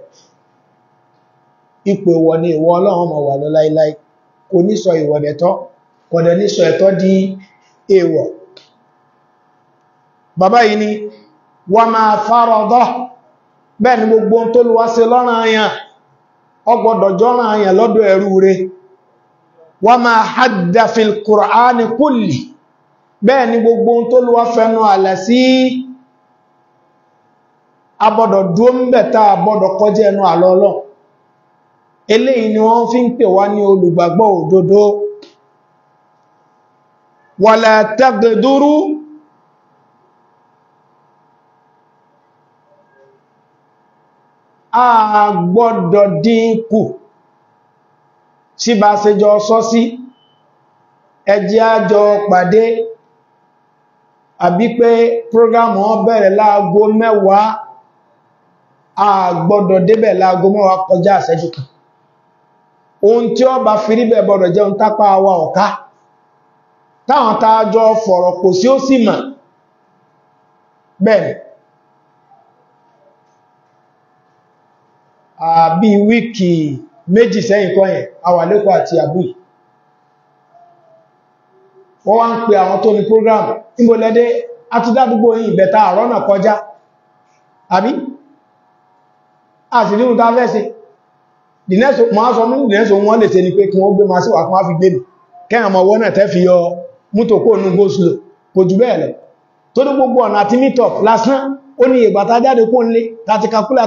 ipò èwọ̀ ni èwọ̀ ọlọ́run mọ̀ wà lọ láíláí kò ní sọ ìwọ̀ dẹ̀tọ́ kò dẹ̀ ní sọ ẹ̀tọ́ di èwọ̀ bàbá yìí ni wà máa fárọdọ́ bẹ́ẹ̀ ni gbogbo ohun tó lùwá sí lọ́rùn àyàn ọgbọ̀dọ̀ jọ́rùn àyàn lọ́dọ̀ ẹ̀rú rẹ̀ wà máa haddafil kùránì kùlì bẹ́ẹ̀ ni gbogbo ohun tó lùwá fẹnu àlà sí abọ́dọ̀ dúó ń bẹ̀ tá abọ́dọ̀ kọjá ẹnu àlọ́ ọlọ́ eléyìí ni wọ́n fi ń pè wá ní olùgbàgbọ́ òdodo wàlá tagdúrú a gbọ́dọ̀ dínkù tí bá ṣe jọ sọ sí ẹjẹ́ àjọ pàdé àbí pé prógámù ọ bẹ̀rẹ̀ láago mẹ́wàá a gbọ́dọ̀ débẹ̀ láago kọjá àṣẹ́jú kan ohun tí ó bá fi ríbẹ̀ gbọ́dọ̀ jẹ́ ohun tápá wa ọ̀ká táwọn tájọ fọ̀rọ̀ kò sí ó sì bẹ́ẹ̀ àbí wíkì méjì sẹ́yìn kọ́ yẹn àwàlékọ́ àti àbúì ń pe àwọn tó ní program yìí kọjá àti nínú tá fẹ́ sí mọ́sọ mú ìdínẹ́sọ wọ́n lè ṣe ni pé kí wọ́n gbé máa sí wà kún á fi gbé mi kẹ́hàn mọ̀ wọ́n náà tẹ́ fi yọ mútò kó nú góòsù kò jù bẹ́ẹ̀ lọ tó ní gbogbo ọ̀nà àti meet up lásán ó ní ìgbà tá jáde kó nlé láti kakúlà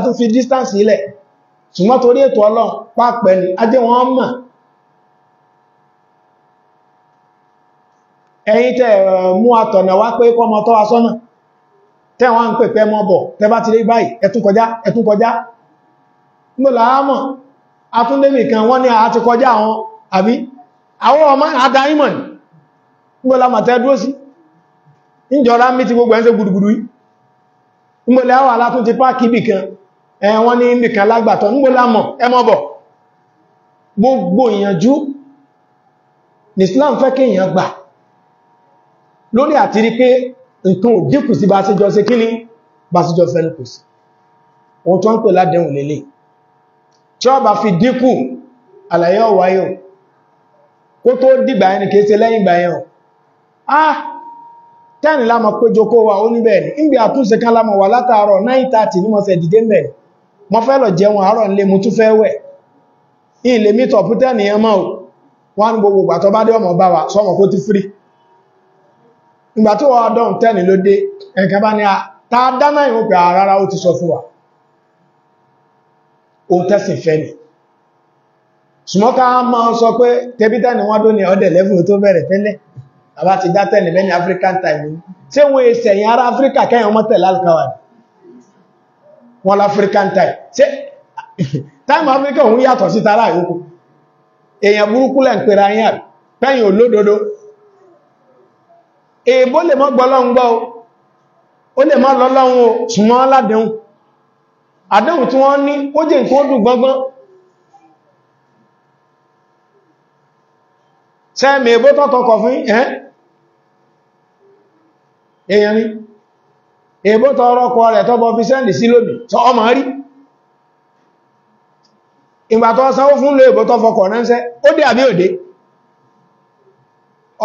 tó ń pè pẹ́ mọ́ bọ̀ tẹ́ ti rí báyìí ẹ̀tún kọjá mọ́lá àmọ̀ afúndémì kan wọ́n ní a ti kọjá àwọn àbí àwọn ọmọ adáyímọ̀ ní mọ́lá màtẹ́ dúró sí ìjọra mí ti gbogbo ẹ̀ ń ṣe gbùdùgbùdù yìí mọ́lá àwọn alátún ti páàkì ibì kan ẹ̀wọ́n ní ibì kan lágbàtọ̀ mọ́lá mọ̀ ẹmọ́bọ̀ gbogbo ìyànjú ní Islam fẹ́ kí èèyàn gbà lórí sí bá síjọ́ sí kí ní bá síjọ́ fẹ́ sí ohun tó ń pè ládẹ̀hùn lélẹ̀ tí ó bá fi dínkù àlàyé ọ̀wáyò kó tó dìgbà ẹni kìí lẹ́yìn ìgbà ah tẹ́ni lámọ péjọ kó wà ó níbẹ̀ níbi àtúnṣe kan wà látàárọ̀ 9:30 ní mọ́sẹ̀ dìde mẹ́ mọ́ fẹ́ lọ jẹun àárọ̀ nílé mú fẹ́ wẹ̀ mítọ̀ gbogbo bá dé ọmọ bá wa sọmọ kó ti ìgbà tó tẹ́ni ló dé a ta dáná ah, ó ti ohun tẹ́sìn fẹ́ ni ṣùmọ́ká máa ń sọ pé tẹ́bítà ni wọ́n dún ní ọdẹ̀ lẹ́fún tó bẹ̀rẹ̀ tẹ́lẹ̀ àbá ti dá tẹ́lẹ̀ mẹ́ni African time ni tí wọ́n èsẹ̀ yìn ará Africa kẹ́yàn ọmọ tẹ̀lá alkawa ni wọ́n l'African time tí time Africa òun yàtọ̀ sí tara àyókù èèyàn burúkú lẹ́ ń pèrè ayé àrí pẹ́yìn olódodo èèbó lè mọ́ gbọ́lọ́ ń gbọ́ ó àdéhùn tí wọ́n ní kó jẹ́ nǹkan dùn gbọ́ngbọ́n sẹ́mẹ̀ ebó tọ́tọ́ kọ̀ fún ẹ́ èyàn rí ebó tọ́rọ kọ rẹ̀ tọ́bọ̀ fi sẹ́ndì sí lómi tọ́ ọmọ rí ìgbà tọ́ sanwó fún ló ebó tọ́fọ kọ̀ ránṣẹ́ ó dé àbí òdé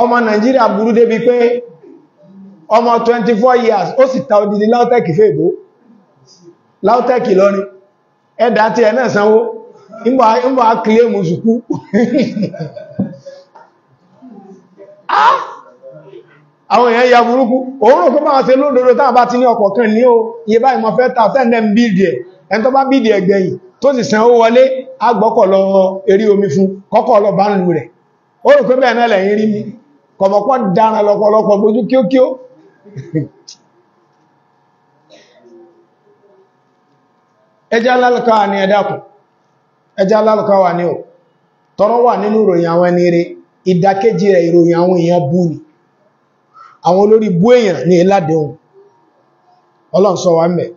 ọmọ Nàìjíríà burú débi pé ọmọ 24 years ó sì ta odidi láọ́tẹ́kì fẹ́ ìbò LAUTECH lọ́rin ẹ̀dà tí ẹ̀ náà sanwó nígbà kílèmù sùkú ah! àwọn èèyàn ya burúkú òórùn tó máa ṣe lóòdòdó tàà bá ti ní ọkọ̀ kan ní o iye báyìí fẹ́ ta fẹ́ndẹ̀ ń bíìdì ẹ̀ ẹn tó bá bíìdì ẹ̀ gbẹ̀yìn wọlé eré omi fún bá rẹ̀ pé bẹ́ẹ̀ náà rí mi dára lọ́pọ̀lọpọ̀ gbójú ẹjá lálùká wà ní ẹ̀dàkùn ẹjá lálùká wà ní ò tọrọ wà nínú ìròyìn àwọn ẹni rere ìdàkejì rẹ̀ ìròyìn àwọn èèyàn bú ni àwọn olórí bú èèyàn ní wá mẹ́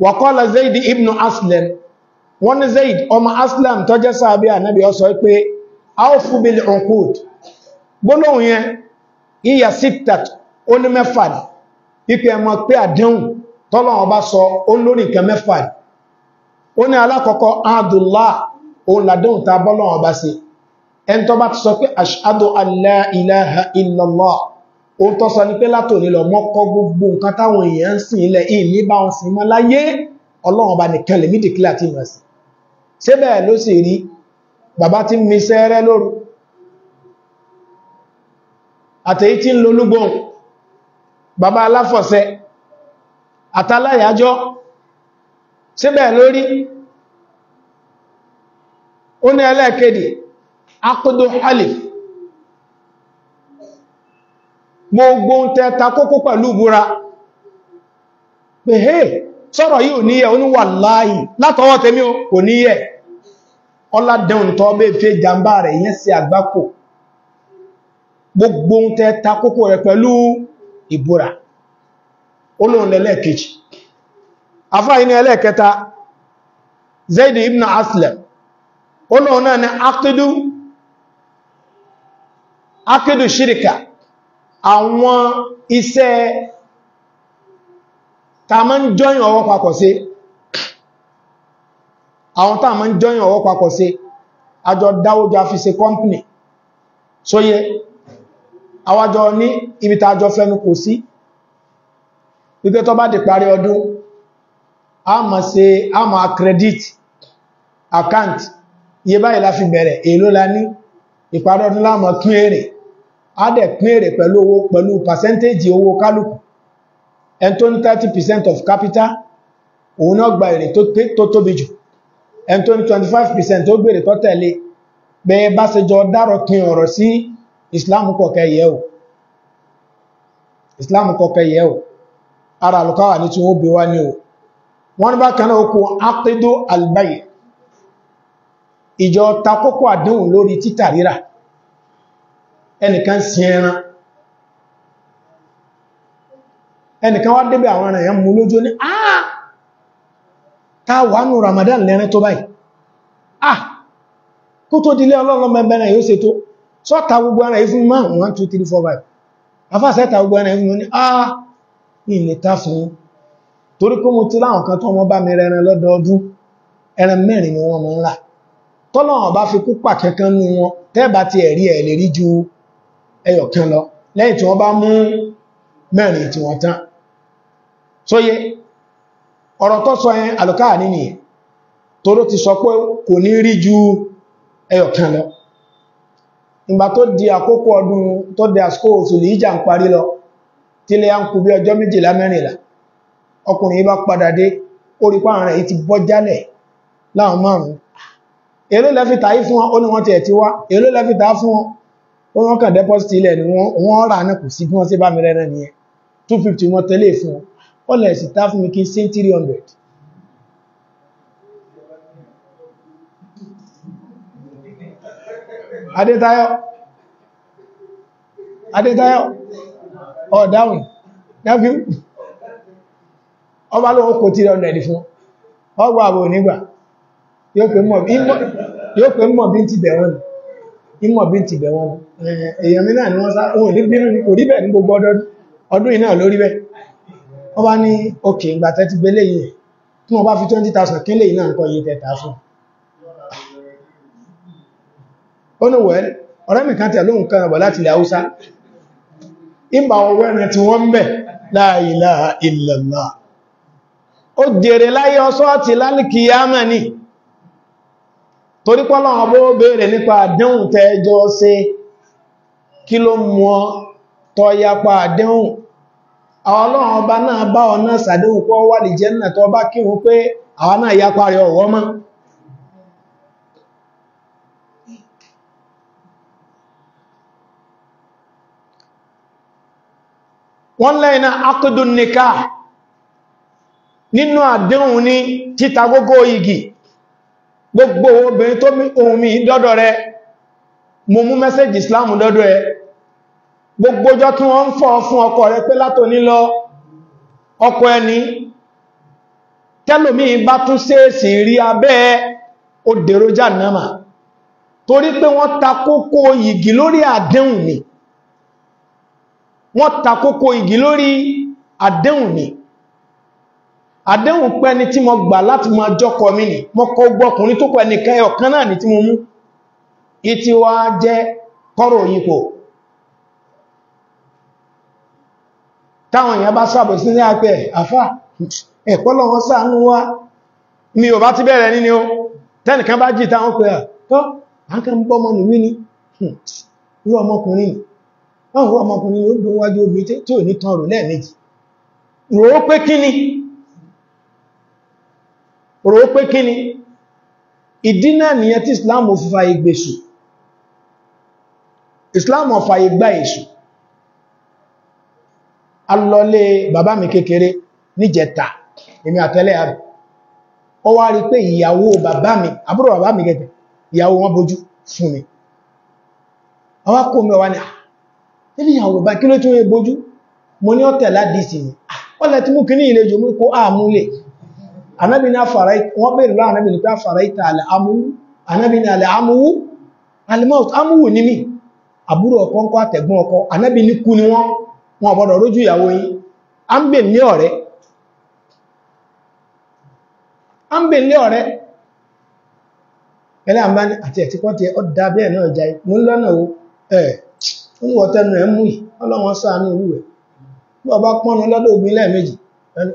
wa Zaid ibn Aslam wọ́n ní Zaid ọmọ Aslam tó sáàbí ànábì ó pé bil gbólóhùn yẹn ìyà sítàt ó ní mẹ́fà tọ́lọ́wọ́n bá sọ ó lórí nǹkan mẹ́fà ó ní alákọ̀ọ́kọ́ adùlá ó làdóhùn ta bọ́lọ́wọ́n bá ṣe ẹn tó bá ti sọ pé ashadu an la ilaha illallah ó tọ́ sọ ní pé látò nílọ mọ́kọ́ gbogbo nǹkan táwọn èèyàn ń sìn ilẹ̀ yìí ní bá wọn sìn mọ́ láyé ọlọ́wọ́n bá nìkan lè mídìí kílà tí mọ̀ sí ṣé bẹ́ẹ̀ ló sì rí bàbá tí mi sẹ́rẹ́ lóru àtẹ̀yí tí ń lolúgbọ̀n àtàláyàjọ́ síbẹ̀ lórí ó ní ẹlẹ́ẹ̀kejì akudu halif gbogbo ń tẹta kókó pẹ̀lú búra pèhé sọ́rọ̀ yìí ò níyẹ̀ ó látọwọ́ tẹ́mí ò níyẹ̀ ọládẹun tọ́ bẹ́ fẹ́ jàmbá rẹ̀ yẹn sí àgbákò gbogbo ń tẹta rẹ̀ pẹ̀lú olóhun lẹ́lẹ́kejì afáyí ní ẹlẹ́kẹta Zaidi ibn aslam olóhun náà ni akidu akidu shirika àwọn iṣẹ́ ta ma ń jọyìn ọwọ́ papọ̀ sí àwọn ta ma ń jọyìn ọwọ́ papọ̀ sí àjọ dáwójá fi ṣe company sóyé àwájọ ní ibi tàjọ fẹ́nu kò sí wípé tó bá di parí ọdún a máa ṣe a máa credit account iye báyìí la fi bẹ̀rẹ̀ èló la ní ìparí ọdún la pín èrè a dẹ̀ pín èrè pẹ̀lú owó pẹ̀lú percentage owó kálukú ẹni tó ní 30% of capital òun náà gba èrè tó tóbi jù ẹni tó ní 25% ó gbèrè tó tẹ̀lé bẹ́ẹ̀ bá ṣe jọ dárọ̀ pin ọ̀rọ̀ sí Islam kọ̀kẹ́ yẹ̀ o Islam kọ̀kẹ́ yẹ̀ o ara alùkáwà ni tí wọ́n bí wá ní o wọ́n bá kaná okò ápédó albayi ìjọ takókò àdéhùn lórí títà ríra ẹnìkan sí ẹran ẹnìkan wá débẹ̀ àwọn ẹran ẹ̀yàn mú lójú ní àà ta wà nù Ramadan lẹ́rin tó báyìí ah kó tó dilé ọlọ́lọ́mẹ́bẹ̀rẹ̀ yóò ṣètò sọ́ta gbogbo ara ìfún márùn-ún 1 2 3 4 5 afásẹ́ta gbogbo ara ìfún mọ́ ní àà ní ilé tá fún torí pé mo ti láwọn kan tó wọ́n bá ẹran mẹ́rin ni wọ́n máa ń rà tọ́lọ́wọ́n fi kúpà kankan nú wọn tẹ́ẹ̀bá ti ẹ̀rí ẹ̀ ri rí ju ẹyọ lọ lẹ́yìn tí wọ́n bá mú mẹ́rin tí wọ́n tán sóyé ọ̀rọ̀ sọ àlùkáà ti sọ di àkókò ọdún tó di àsìkò ìjà ń tílé à ń kú bí ọjọ́ méjìlá mẹ́rìnlá ọkùnrin bá padà dé orí pààrẹ èyí ti bọ́ jálẹ̀ láwọn márùn-ún èló lẹ́fìtà yí fún wọn ó ní wọ́n ti ẹ̀ ti wá èló lẹ́fìtà fún wọn ó wọ́n kàn deposit ilẹ̀ ni wọ́n rà náà kò sí bí wọ́n sí bá mi rẹ́rẹ́ nìyẹn 250 wọn tẹ́lẹ̀ fún wọn ó lẹ̀ sì tá fún mi kí sí 300 Adétayọ̀ Adétayọ̀ ọ̀dáhùn náàfi ọba lọ́wọ́ kò tí ọ̀nà fún ọgbà àbò nígbà yóò pé mọ̀ bí n ti bẹ̀wọ̀n ìmọ̀ bí n ti bẹ̀wọ̀n èèyàn mi náà ni wọ́n sá ohun bẹ̀ gbogbo ọdún iná lórí bẹ̀ bá ní òkè ìgbà ti gbélé yìí bá fi 20,000 yìí ìgbà ọwọ́ ẹ̀rẹ̀ tí wọ́n bẹ̀ la ilaha illallah ó jèrè láyé ọsọ́ ti lálìkìyàmà ní torípọ́lọ̀ ọbọ́ bèèrè nípa àdéhùn tẹ́jọ́ sí kí ló mọ́ tọ́yapa àdéhùn náà bá ọ àwọn wọ́n lẹ́yìn akdun nikah nínú àdéhùn ní títa gógó igi gbogbo obìnrin tó ohun mi dọ́dọ̀ rẹ mo mú mẹ́sẹ̀jì islam dọ́dọ̀ gbogbo ọjọ́ tí wọ́n ń fọ́ fún ọkọ rẹ pé látòní lọ ọkọ ẹni tẹ́lòmí bá tún rí abẹ́ torí pé ta lórí wọ́n takókó igi lórí àdéhùn ni àdéhùn pẹ́ ni tí mo gbà láti máa jọ́kọ mi ni mo kọ gbọ́kùnrin tó pẹ́ nìkan ọ̀kan náà ni tí mo mú ìtí wá jẹ́ kọ́rọ̀ yípo táwọn èèyàn bá sàbọ̀ sí ní àpẹ́ àfá ẹ̀kọ́ lọ́wọ́ ṣàánú wa ni ò bá ti bẹ̀rẹ̀ ní ni ó tẹ́nìkan bá jì táwọn pẹ́ àtọ́ àkẹ́ ń bọ́ mọ́ nìwí wọ́n rọ ọmọkùnrin ló wájú omi tí ò ní tán rò lẹ́ẹ̀mejì rò ó pé kíni rò pé kíni ìdínà nìyẹn tí Islam ò fàyè gbèsù Islam ò fàyè gbà èsù alọ́lé bàbá mi kékeré níjẹta èmi àtẹ́lẹ̀ àrẹ̀ ó wá rí pé ìyàwó bàbá mi àbúrò bàbá mi gẹ̀gẹ̀ ìyàwó wọn bójú fún mi àwọn kò mẹ́wàá ni à ah, nílé ìyàwó bá kí ló tún ẹgbójú mo ní ọ̀tẹ̀ ládìsì ni ah, ọ̀lẹ̀ tí mú kí ní ìlejò mú kó àmúlẹ̀ wọ́n bèèrè lọ́wọ́ anábi pé afárá ìta alẹ́ amúwú ní mi ọkọ àtẹ̀gbọ́n ọkọ anábi kú ni wọ́n wọn ọ̀bọ̀dọ̀ rójú ìyàwó wọ́tẹ́nu ẹ̀ mú yìí ọlọ́wọ́n sáànú irú ẹ̀ bọ́ bá pọ́nu lọ́dọ̀ omi lẹ́ẹ̀mejì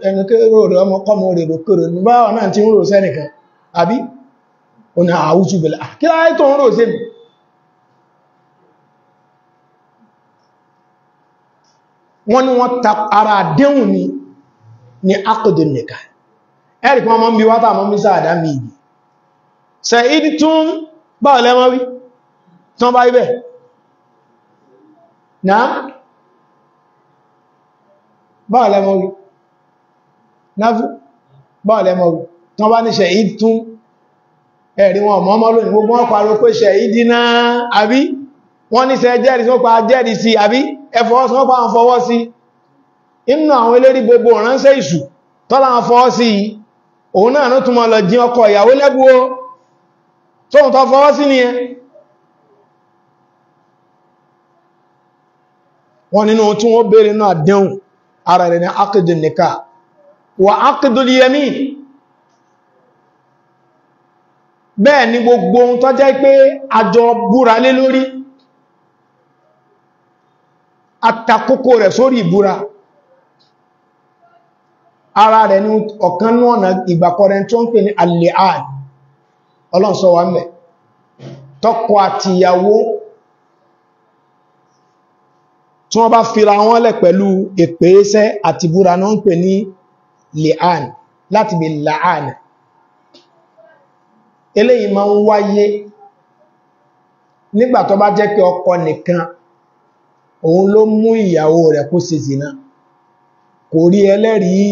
ẹnu kérò rẹ̀ ọmọ kọ́mọ rẹ̀ ló kérò ní bá ọ̀nà tí ń rò sẹ́nìkan àbí ọ̀nà àwùjù bẹ̀lẹ̀ ah, kí láyé tó ń rò sí wọ́n ni wọ́n ta ara àdéhùn ni ni akọ̀dẹ̀ nìka ẹ̀rì kan ń wátà mọ́ mi ìgbì sẹ̀ ìdí tún báwọn lẹ́mọ́ wí نعم báwọn lẹ́mọ̀ wí náàfù báwọn lẹ́mọ̀ wí tí wọ́n wọn mọ́mọ́ lónìí gbogbo wọn pàrọ pé ṣẹ̀yí dínà àbí wọ́n ní ṣe jẹ́rìí sí pa jẹ́rìí sí àbí ẹfọwọ́sọ́pá wọn fọwọ́ sí àwọn eléri gbogbo ránṣẹ́ ìṣù tọ́lá wọn fọwọ́ sí òun náà mọ́ lọ jí ọkọ ìyàwó tóhun tó sí wọ́n nínú tí wọ́n bèèrè náà dẹun ara rẹ̀ ní ákìdù nìka wà ákìdù yẹmí bẹ́ẹ̀ ni gbogbo ohun tó pé àjọ búra lé lórí rẹ̀ sórí ìbúra ara rẹ̀ ní ọ̀kan ní ọ̀nà ìgbàkọrẹ tó ń pè ní alẹ́ ààrẹ ọlọ́nsọ́wà mẹ́ tọ́kọ tí wọ́n bá fira wọn lẹ̀ pẹ̀lú ìpèésẹ́ àti búra náà ń pè ní li'an láti bí la'an eléyìí máa ń wáyé nígbà tó bá jẹ́ pé ọkọ nìkan òun ló mú ìyàwó rẹ̀ kó ṣe zina kò rí ẹlẹ́rìí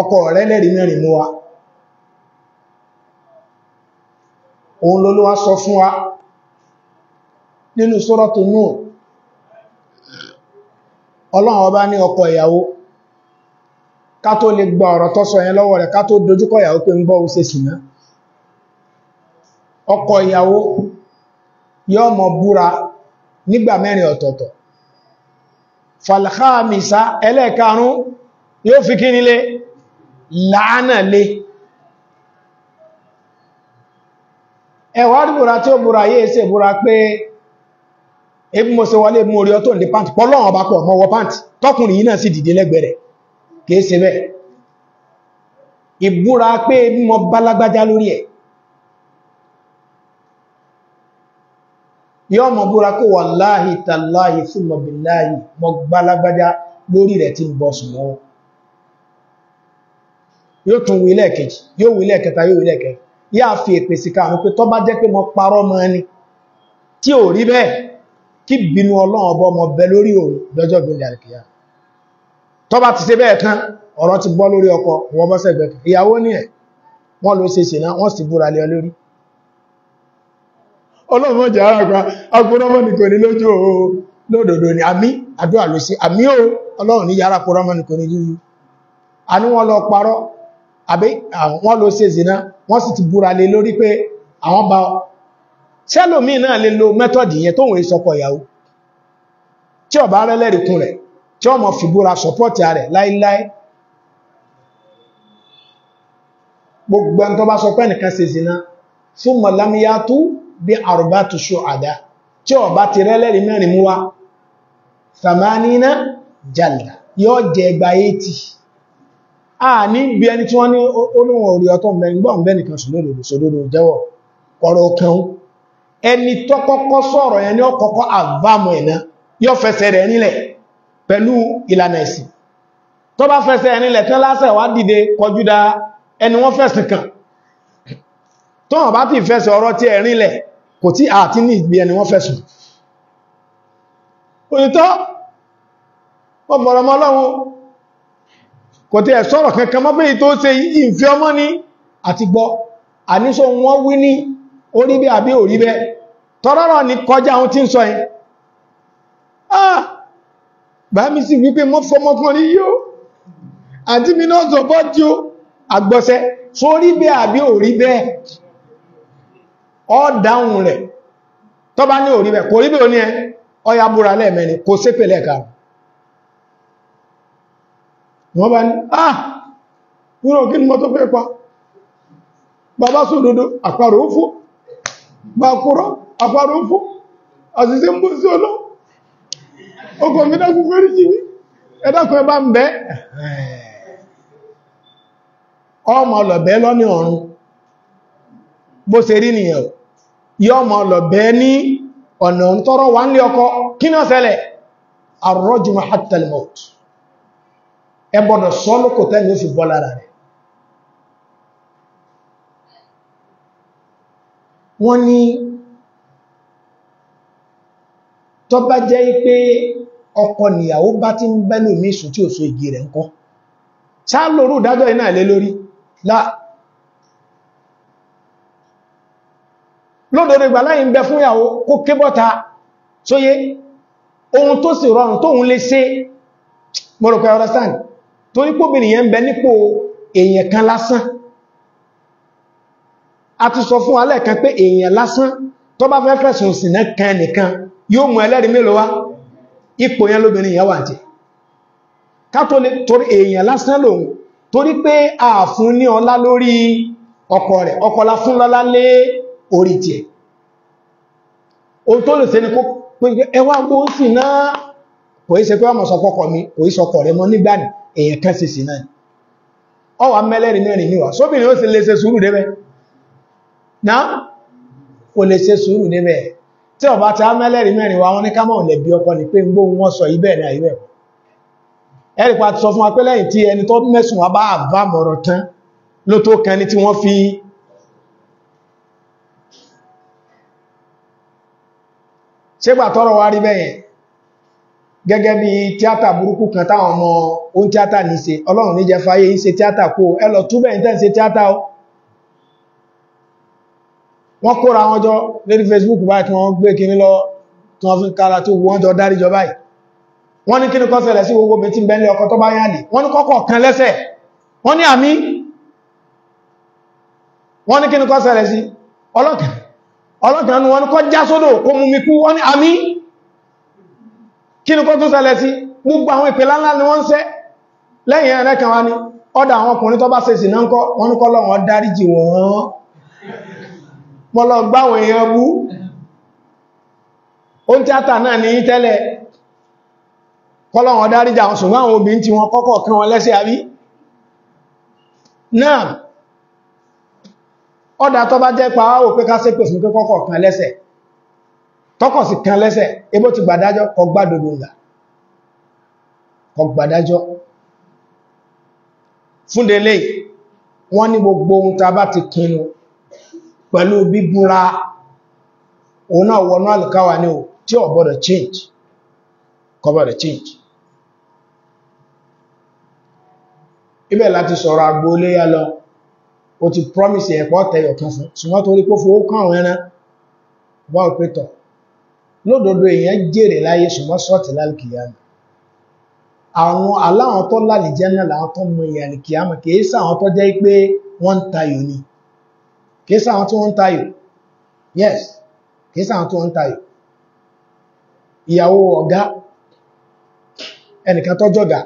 ọkọ rẹ̀ lẹ́rìí mẹ́rin mú wa òun ló ló wá sọ fún wa nínú Suratu Nur ọlọ́run ọba ní ọkọ ìyàwó ká tó lè gba ọ̀rọ̀ tó sọ yẹn lọ́wọ́ rẹ̀ ká tó dojúkọ ìyàwó pé ń bọ́ ó ṣe ṣìná ọkọ ìyàwó yóò mọ̀ búra nígbà mẹ́rin ọ̀tọ̀ọ̀tọ̀ falhamisa ẹlẹ́ẹ̀karùn yóò fi kí nílé láánà lé ẹwà búra tí ó búra yéé ṣe búra pé ebi mo ṣe wọlé mo rí ọ tó ń di pant pọ́lọ́wọ́n bá pọ̀ mọ́wọ́ pant tọkùnrin yìí náà sì dìde lẹ́gbẹ̀ẹ́ rẹ̀ kìí ṣe bẹ́ẹ̀ ìbúra pé ebi mo lórí ẹ̀ yọ́ mọ̀ búra kó wallahi tallahi bì láàyè mọ̀ lórí rẹ̀ tí sùn tún wí lẹ́ẹ̀kejì yóò wí lẹ́ẹ̀kẹta yóò wí lẹ́ẹ̀kẹta fi àwọn pé pé mo kí bínú ọlọ́run ọba ọmọ bẹ lórí òun lọ́jọ́ bí ilẹ̀ àríkìyà tó bá ti ṣe bẹ́ẹ̀ tán ọ̀rọ̀ ti bọ́ lórí ọkọ wọ́n bọ́ sẹ́gbẹ̀ẹ́ kan ìyàwó ní ẹ̀ wọ́n ló ṣe ṣe náà wọ́n sì búra lé lórí ọlọ́run mọ́jà àgbà agbórọ́mọ́ ní kò ní sẹ́lòmí náà lè lo mẹ́tọ̀dì yẹn tóhun ìsọpọ̀ ìyàwó tí ọba rẹ́lẹ́rìkún rẹ̀ tí ọmọ fìbúra sọpọ́tì rẹ̀ láíláí gbogbo ẹn tó bá sọ pé nìkan ṣe zina fún mọ̀lámiyàtú bí àrùbá tó ṣò àdá tí ọba ti rẹ́lẹ́rì mẹ́rin mú wa samanina jalla yóò jẹ ẹgbà 80 a ní bí ẹni tí wọ́n ní olóhun orí ẹni tó kọ́kọ́ sọ̀rọ̀ ẹni ọkọ̀kọ́ àbámọ̀ ẹ̀nà yóò fẹsẹ̀ rẹ̀ nílẹ̀ pẹ̀lú ìlànà ẹ̀sìn tó bá fẹsẹ̀ rẹ̀ nílẹ̀ tán lásẹ̀ wá dìde kọjúdá ẹni wọ́n fẹ̀sìn kàn tó hàn bá ti fẹsẹ̀ ọ̀rọ̀ tí ẹ̀ rinlẹ̀ kò tí àti ní ìgbé ẹni wọ́n fẹ̀sùn òyìntọ́ wọ́n bọ̀rọ̀ mọ́ ọlọ́run kò orí bẹ́ àbí orí bẹ́ tọ́rọ̀rọ̀ ní kọjá ohun tí ń sọ yẹn ah bá mi sì wípé mọ́ fọmọkùnrin yíó àti mi náà sọpọ́ tí ó àgbọ́sẹ́ sórí bẹ́ àbí orí bẹ́ ọ dáhùn rẹ̀ tọ́ bá ní orí kò rí oní ẹ ọya búra lẹ́ẹ̀mẹ́rin kò sí pẹ̀lẹ̀ kan ah wúrò kí ni mo tó fẹ́ pa bàbá sódodo àparò ó fún gbakwụrụ akwara ụfụ ọzizi mbuzi olo ogogidagugorijiri ẹ̀dàkùn ẹbá ń bẹ́ ọmọ lọ̀bẹ́ lọ́ní ọ̀run bó ṣe rí nìyẹn yọ ọmọ lọ̀bẹ́ ní ọ̀nà ń ọkọ kí náà ṣẹlẹ̀ àrọ́jùmọ̀ hatalmot wọ́n ní tó bá jẹ́ pé ọkọ nìyàwó bá ti ń bẹ́lú mi sùn tí ò so igi rẹ̀ ńkọ́ ṣá lórú ìdájọ́ iná ilé lórí láà lódòdó ìgbà láyé ń bẹ fún ìyàwó kó kébọ́ta sóyé ohun tó sì rọrùn tóhun lè ṣe mọ́rọ̀kọ̀ ọ̀rọ̀sán torí pòbìnìyàn ń bẹ nípò èèyàn kan lásán a ti sọ fún alẹ́ kan pé èèyàn lásán tó bá fẹ́ fẹ̀sùn ìsìnà kan nìkan yóò mú ẹlẹ́rìí mélòó wá ipò yẹn lóbìnrin yẹn wà jẹ́ kátólì torí èèyàn lásán lòun torí pé a fún ní ọlá lórí ọkọ rẹ̀ ọkọ la fún lọ́lá lé orí tiẹ̀ ohun tó lè ṣe ni kó pé ẹwà gbó ń sìn náà kò í ṣe pé wọ́n mọ̀ sọ fọkọ mi Na, o lè ṣe sùúrù níbẹ̀ tí ọba ti amẹ́lẹ́rìí mẹ́rin wa wọn ní kámọ̀ lè bí ọkọ ní pé ń gbóhun wọn sọ yí bẹ́ẹ̀ náà ibẹ̀ ẹ̀rì pa ti sọ wa pé lẹ́yìn tí ẹni tó mẹ́sùn wa bá àbá mọ̀rọ̀ tán ló tó kan ní tí wọ́n fi ṣégbà tọ́rọ wa rí bẹ́yẹn gẹ́gẹ́ bí tíátà burúkú kan táwọn ọmọ ohun tíátà ní ṣe ọlọ́run ní jẹ́ fáyé ń tíátà kó ẹ túbẹ̀ ń tẹ́ ń tíátà o wọ́n kóra wọn jọ lórí Facebook báyìí tí wọ́n gbé kíní lọ tí wọ́n fi kára tó wọ́n jọ dáríjọ báyìí wọ́n ní kíní kó ṣẹlẹ̀ sí gbogbo mi tí ń bẹ́lẹ̀ ọkọ tó bá yáàlì wọ́n ní kọ́kọ̀ kan lẹ́sẹ̀ wọ́n ní àmì wọ́n ní kíní kó ṣẹlẹ̀ sí ọlọ́kàn ọlọ́kàn wọ́n ní kó já sódò kó mú mi kú wọ́n ní àmì kíní kó tún ṣẹlẹ̀ sí gbogbo àwọn ìpè láńlá ni wọ́n ń ṣe lẹ́yìn ẹ̀rẹ́ kan wá kọ́ wọ́n ní mọ́lọ gbáwọn èèyàn bú ó ń tíátà náà ní tẹ́lẹ̀ kọ́lọ̀wọ̀n dáríjà ọ̀sùn láwọn obìnrin tí wọ́n kọ́kọ́ kán wọn lẹ́sẹ̀ àbí náà ọ̀dà tó bá jẹ́ pàáwò pé ká sépè fún pé kọ́kọ́ kan lẹ́sẹ̀ tọ́kọ̀ sí kan lẹ́sẹ̀ ebó ti gbàdájọ́ kọ pẹ̀lú bíbúra òun náà wọnú àlùkáwà ní o tí ó gbọ́dọ̀ change kò gbọ́dọ̀ change ibẹ̀ láti sọ̀rọ̀ àgbò léyà lọ o ti promise ẹ̀pọ̀ tẹyọ̀ kan fún ṣùgbọ́n torí pó fowó kàn àwọn ẹran wá òpétọ̀ lódodo èèyàn jèrè láyé ṣùgbọ́n sọ́ọ̀tì lálùkìyàmù àwọn aláwọn tó lálìjẹ́ náà làwọn tó mọ ìyàlìkìyàmù kìí sáwọn tó jẹ́ pé wọ́n ń tayò ni kìí sáwọn tí wọ́n ń tayò yes kìí sáwọn tí wọ́n ń tayò ìyàwó ọ̀gá ẹnìkan tó jọ̀gá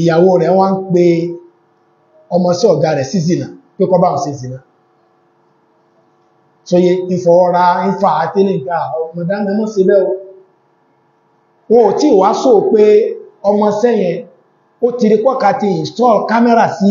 ìyàwó rẹ̀ wọ́n ń pe ọmọ sí ọ̀gá rẹ̀ sí zina pé kọ́ bá wọn sí zina sóye ìfọ̀ọ́ra ìfà mọ́ sí bẹ́ẹ̀ wọn ò tí pé ọmọ sẹ́yẹn ó ti rí ti si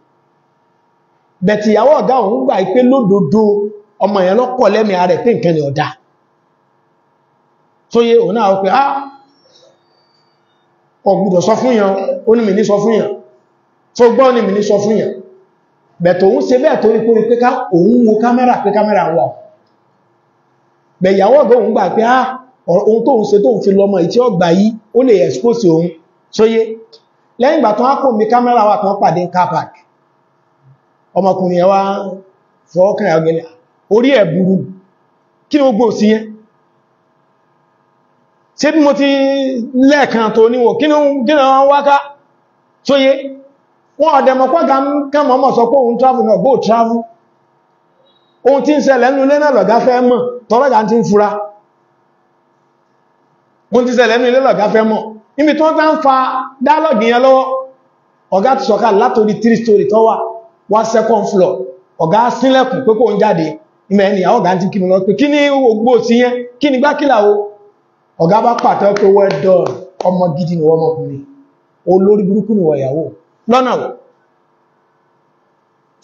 bẹ̀tì ìyàwó ọ̀gá òun gbà ipé lódodo ọmọ èèyàn lọ́pọ̀ lẹ́mì ààrẹ pé nǹkan ni ọ̀dá tó yé òun náà pé á ah, ọ̀gbùdọ̀ sọ fún yàn ó ní mi ní sọ fún yàn tó gbọ́ ní mi ní sọ fún yàn bẹ̀tì òun se bẹ́ẹ̀ torí pé pé òun wo fi lọmọ ìtí ọgbà yìí ó lè expose òun tó yé lẹ́yìn ìgbà tó wá mi ọmọkùnrin ẹwà fọ́ọ̀kàn ọgbẹ̀lẹ̀ orí ẹ̀ burú kí ni gbò sí yẹn ṣe bí mo ti lẹ́ẹ̀kan tó níwọ̀ kí ni wọ́n wáká tó yé wọ́n ọ̀dẹ̀mọ̀pọ̀gá sọ pé òun travel náà go travel ohun ń nínú lọ̀gá fẹ́ mọ̀ tọ́lọ́gá ohun nínú fẹ́ mọ̀ ibi tó ń fa dálọ́gì yẹn lọ́wọ́ ọ̀gá ti sọ̀ká wa second floor oga sílẹ̀kùn pé kò ń ime ni ẹni àwọn nti ti kí mi lọ pé kí ní ogbó ti o well done ọmọ gidi ni wọ́n ọmọkùnrin ni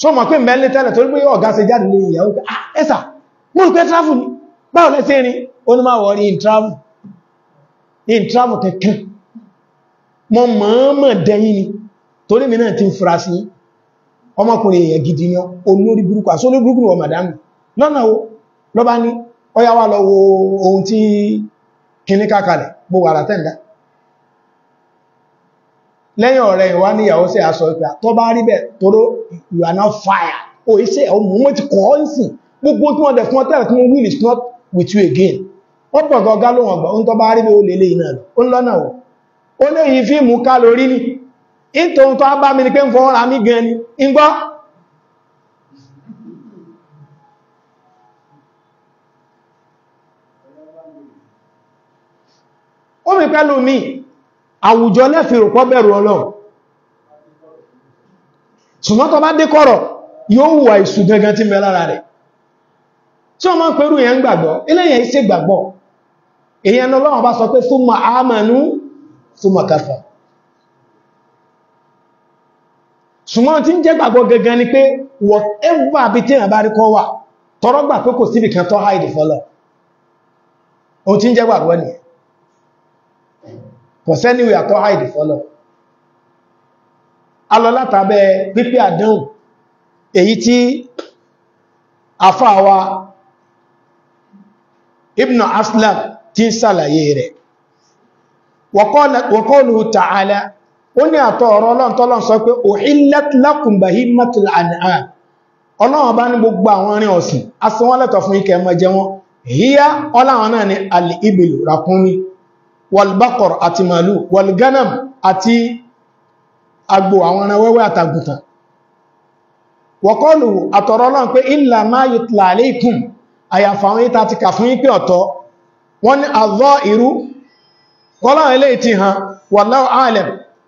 so ma pe mẹ́lẹ́ tele tori pe ọ̀gá se jáde lé yawo ah esa mú travel ni travel in travel ni mi ọmọkùnrin èèyàn gidi ni olórí burúkú àti olórí burúkú wọn màdámù lọ́nà o lọ bá ní ọyá wá lọ wo ohun tí kìnní kàkàlẹ̀ bó wà látẹ́ǹdá lẹ́yìn ọ̀rẹ́ ìwá ní ìyàwó sí aṣọ ìpẹ́ tó bá rí bẹ́ẹ̀ not fire o iṣẹ́ ọmọ ti kọ́ ń sìn gbogbo tí wọ́n dẹ̀ fún ọtẹ́lẹ̀ tí will is not with you again tó bá rí náà ó ị tó ń tọ́ bá mi ní pé ń fọ́ ra gan ni ó mi pẹ́lú mi àwùjọ lẹ́fẹ̀ẹ́ pọ́ bẹ̀rù ọlọ́run ṣùgbọ́n tó bá dé kọ̀rọ̀ yóò wà ìsù tí mẹ́ lára rẹ̀ tí wọ́n máa pẹ̀rù yẹn gbàgbọ́ eléyẹn iṣẹ́ gbàgbọ́ èyàn ṣùgbọ́n tí ń jẹ́ gbàgbọ́ gangan ni pé whatever bí wà gbà kò síbì kan tọ́ hide fọ́lọ̀ tí ń jẹ́ gbàgbọ́ ni kò sẹ́niwé àtọ́ hide fọ́lọ̀ a lọ pípẹ́ àdánù èyí tí àfáàwa ibn aslam ti ń sàlàyé rẹ̀ ó ní àtọ́ ọ̀rọ̀ ọlọ́run tọ́lọ́run sọ pé uhillat lakum bahimatul an'am ọlọ́run bá ní gbogbo àwọn arìn ọ̀sìn asán wọ́n lẹ́tọ̀ fún ikẹ̀ ẹmọ jẹ wọn híyá ọláwọn náà ni al-ibil ràkúnmí wal-baqar àti màálù wal-ganam àti agbo àwọn ẹran wẹ́wẹ́ àtàgùntàn wọ́kọ́lù àtọ̀rọ̀ ọlọ́run pé illa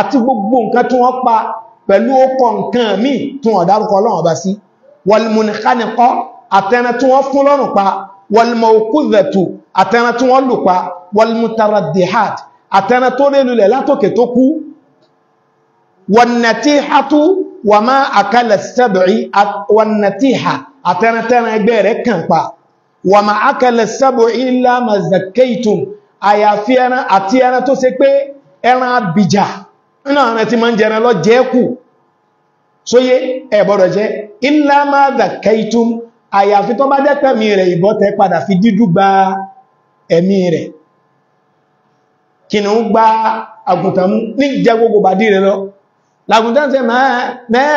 àti gbogbo nǹkan tí wọ́n pa pẹ̀lú ọkọ̀ nǹkan míì tí wọ́n dárúkọ Ọlọ́run ọba sí wọlmùnìkánìkọ́ àtẹran tí wọ́n fún lọ́rùn pa wọlmọ̀ọ́kúzẹ̀tù àtẹran tí wọ́n lù pa wọlmùtàràdìhàd àtẹran tó rélulẹ̀ látòkè tó kú wọ̀nàtíhàtú wà máa àkálẹ̀ sẹ́bìrì wọ̀nàtíhà àtẹran tẹ́ran ẹgbẹ́ rẹ̀ kàn ẹran àti ẹran tó ṣe pé ẹran abìjà nínú àwọn tí ma ń jẹran lọ jẹ́ kù sóyé ẹ̀bọ̀rọ̀ jẹ́ ilá máa dàkẹ́ìtún àyàfi tó bá jẹ́pẹ̀ mi rẹ̀ ìbọ́tẹ̀ padà fi dídú gba ẹ̀mí rẹ̀ kìnnìún gba àgùntàn mú ní jẹ gbogbo bàdí rẹ̀ lọ làgùntàn tẹ mẹ́ẹ̀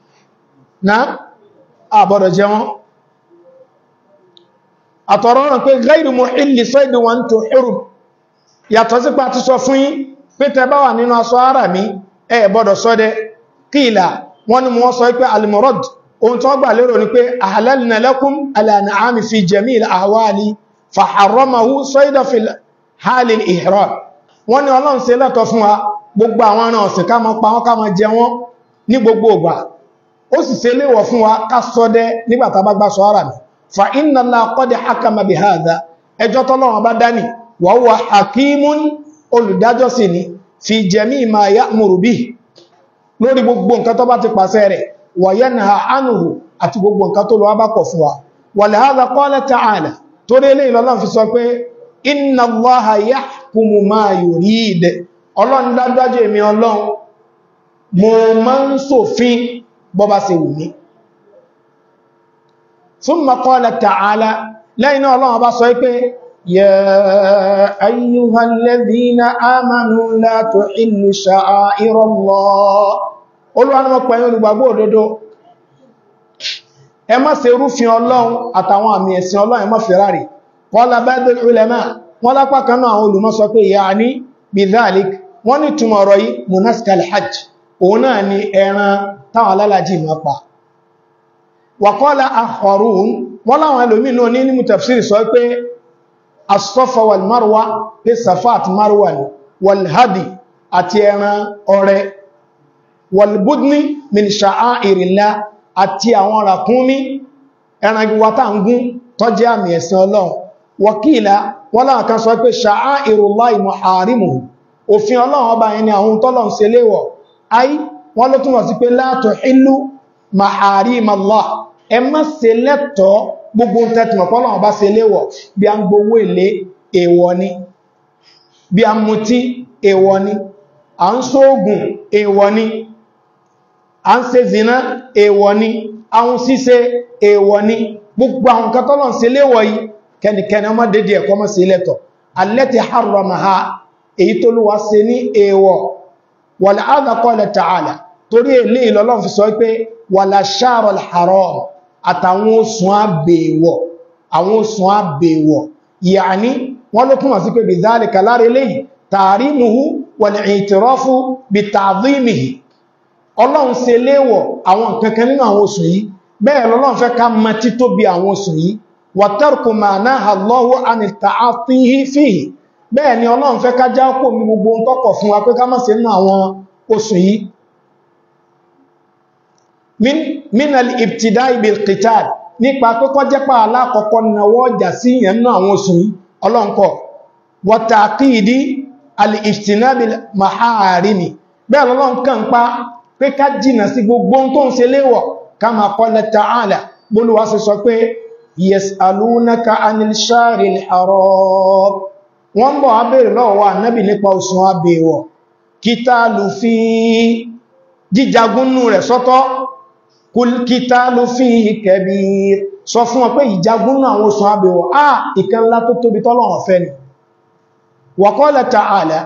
náà àbọ̀dọ̀ jẹ wọn àtọ̀rọ̀ ọ̀rọ̀ pé gáìrì mọ̀ ilì sọ́ìdì wọn tó ẹrù yàtọ̀ sípa ti sọ fún yín pé tẹ bá wà nínú aṣọ ara mi ẹ bọ́dọ̀ sọ́dẹ kíìlà wọ́n ni wọ́n sọ pé alimorod ohun tó gbà lérò ni pé ahlalna lakum ala an'ami fi jamil ahwali ó sì ṣe léwọ̀ fún wa ká sọdẹ nígbà tá bá gbá sọ ara mi fa inna Allah qad hakama bi hadha ẹjọ́ tọ́lọ́run bá dání wa huwa hakimun olùdájọ́ sì ni fi jami ma ya'muru bihi lórí gbogbo nǹkan tó bá ti pàṣẹ rẹ̀ wa yanha anhu àti gbogbo nǹkan tó lọ bá kọ̀ fún wa wa li hadha qala ta'ala torí eléyìí lọ́lọ́run fi sọ pé inna Allaha yahkumu ma yurid ọlọ́run dájọ́ èmi ọlọ́run mo máa ń ṣòfin bọ́bá ṣe wù mí thumma qala ta'ala lẹ́yìn náà Ọlọ́run bá sọ pé ya ayyuhal ladhina amanu la tuhillu sha'aira Allah olúwanúmọ̀pọ̀ ẹ̀yin olùgbàgbọ́ òdodo ẹ má ṣe rúfin Ọlọ́run àtàwọn àmì ẹ̀sìn Ọlọ́run ẹ má fẹ́ rárẹ̀ qala ba'dul ulama wọ́n lápá kan náà ọ̀rọ̀ yìí munaskal hajj òun náà ni ẹran táwọn alálàájì máa pa wàkọ́lá akharun wọ́n láwọn ẹlòmínú ní ní tafsiri sọ pé as-safa wal marwa pé safa àti marwa ni wal hadi àti ẹran ọrẹ wal budni min sha'airillah àti àwọn ràkúnmí ẹran wata ń gún tọ́jẹ́ àmì ẹ̀sìn ọlọ́run wàkílá wọ́n láwọn kan sọ pé sha'airullahi muharimuhu òfin ọlọ́run ọba yẹn àwọn tọ́lọ̀ wọ́n ló túnmọ̀ sí pé látọ̀ ìlú ma Allah ẹ má ṣe lẹ́tọ̀ọ́ gbogbo tẹ́tìmọ̀ pọ́lọ̀wọ̀n léwọ̀ bí a ń gbowó èlé èwọ̀ ni bí a mutí èwọ̀ ni a ń ni a ń zina ni ni gbogbo àwọn katọ́lọ̀ wàlá àdàkọ́lẹ̀ tààlà torí èlé ìlọ́lọ́n fi sọ pé wàlá ṣàrọ̀ haram àtàwọn oṣùn àbèèwọ̀ àwọn oṣùn àbèèwọ̀ yàní wọ́n ló túnmọ̀ sí pé bí záàlì kàlárí léyìn tààrímùhú wàlẹ̀ ìtìrọ́fù bí tààdímìhì ọlọ́run ṣe léèwọ̀ àwọn kankan nínú àwọn oṣùn yìí bẹ́ẹ̀ lọ́lọ́run fẹ́ bẹ́ẹ̀ ni ọlọ́run fẹ́ ká já kò mí gbogbo ń tọ́kọ̀ fún wa pé ká má ṣe nínú àwọn oṣù yìí minal ibtida ibil qital nípa pé kọ́ jẹ́pà alákọ̀ọ́kọ́ nawọ́ ọjà sí ìyẹn nínú àwọn oṣù yìí ọlọ́nkọ̀ wọ́tàkìdí al sí sọ pé yas'alunaka anil sharil haram wọ́n bọ̀ abẹ́rẹ̀ lọ́wọ́ wa nábì nípa oṣù abẹ́wọ̀ kíta lù fi jíjagúnnú rẹ̀ sọ́tọ̀ kíta lù fi kẹbí sọ fún wọn pé ìjagúnnú àwọn oṣù abẹ́wọ̀ a ìkan ńlá tó tóbi tọ́lọ́run fẹ́ ni waqala ta'ala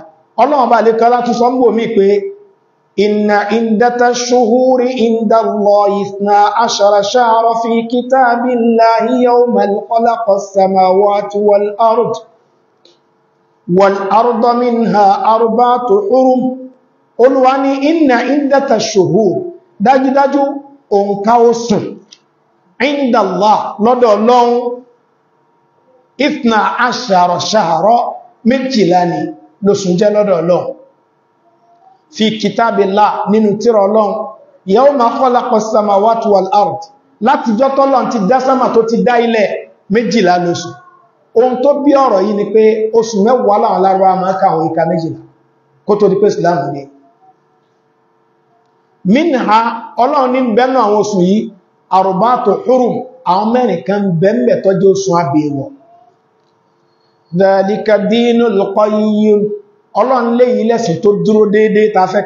wàl'arọ́dọ́ minha arba'atu hurum olúwa ní inna indata shuhur dájúdájú òǹkà oṣù inda Allah lọ́dọ̀ lọ́un ithna ashara shahra méjìlá ni lóṣù jẹ́ lọ́dọ̀ lọ́un fi kitabillah nínú tírà lọ́un yawma khalaqa samawati wal ard láti jọ́tọ́lọ́n ti dá tó ti dá ilẹ̀ méjìlá lóṣù ohun tó bí ọ̀rọ̀ yìí ni pé oṣù mẹ́wàá láwọn lárúbá máa ká àwọn ìka méjìlá kó tó di pé islam ní minha ọlọ́run ní bẹ́nu àwọn oṣù yìí arba'atu hurum àwọn mẹ́rin kan bẹ́m̀bẹ̀ tọ́jú oṣù abẹ́wọ̀ dhalika dinul tó dúró déédéé ta fẹ́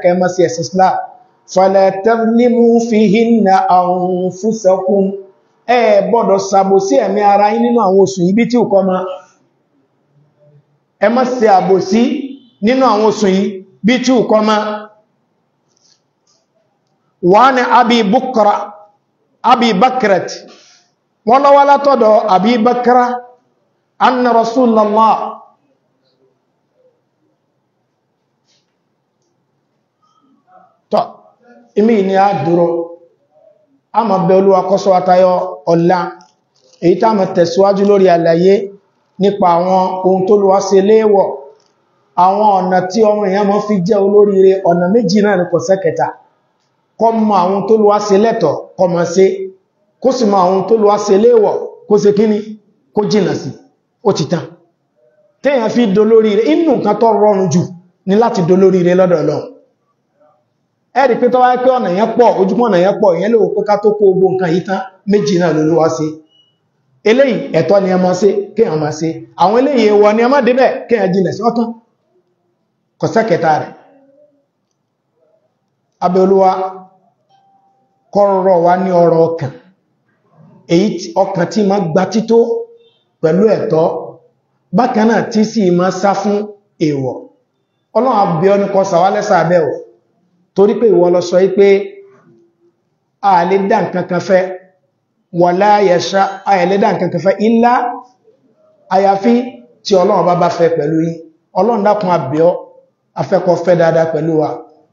ẹ gbọ́dọ̀ ṣàbòsí ẹ̀mí ara yín nínú àwọn oṣù yìí bí tí ò kọ́ ma ẹ má ṣe àbòsí nínú àwọn oṣù yìí bí tí ò kọ́ ma wà ní abibakirat wọ́n lọ́wọ́ látọ́dọ̀ abibakira anna rasulallah tọ́ imi ni a dúró a ma bẹ olúwa kọ́sọ́ atayọ ọ̀la èyí tá ma tẹ̀síwájú lórí àlàyé nípa àwọn ohun tó lúwa ṣe léèwọ̀ àwọn ọ̀nà tí ọmọ èèyàn mọ́ fi jẹ́ olóríire ọ̀nà méjì náà ní kò sẹ́kẹta kó mọ àwọn tó lúwa ṣe lẹ́tọ̀ kó má ṣe kó sì mọ àwọn tó lúwa ṣe léèwọ̀ kó ṣe kíní kó jìnà sí ó ti tán téèyàn fi dolóríire inú nǹkan tó rọrùn jù ní láti dolóríire lọ́dọ̀ Ọlọ́run ẹ̀rí pé tọ́wá pé ọ̀nà yẹn pọ̀ ojúmọ́ ọ̀nà yẹn pọ̀ ìyẹn lè pé ká tó kó ogbó nǹkan yìí tán méjì náà ló lówá sí eléyìí ẹ̀tọ́ ni a máa ṣe kí a máa ṣe àwọn eléyìí ewọ ni a máa débẹ̀ kí a jìnà sí ọ̀tán kò rẹ̀ ní ọ sàwálẹ́sà torí pé ìwọ lọ sọ wípé a lè dá nǹkan kan fẹ́ wà láyẹ̀ṣá a lè dá nǹkan kan fẹ́ ilá àyàfí tí ọlọ́run bá bá fẹ́ pẹ̀lú yín ọlọ́run dákun àbíọ́ afẹ́kọ́ fẹ́ dáadáa pẹ̀lú wa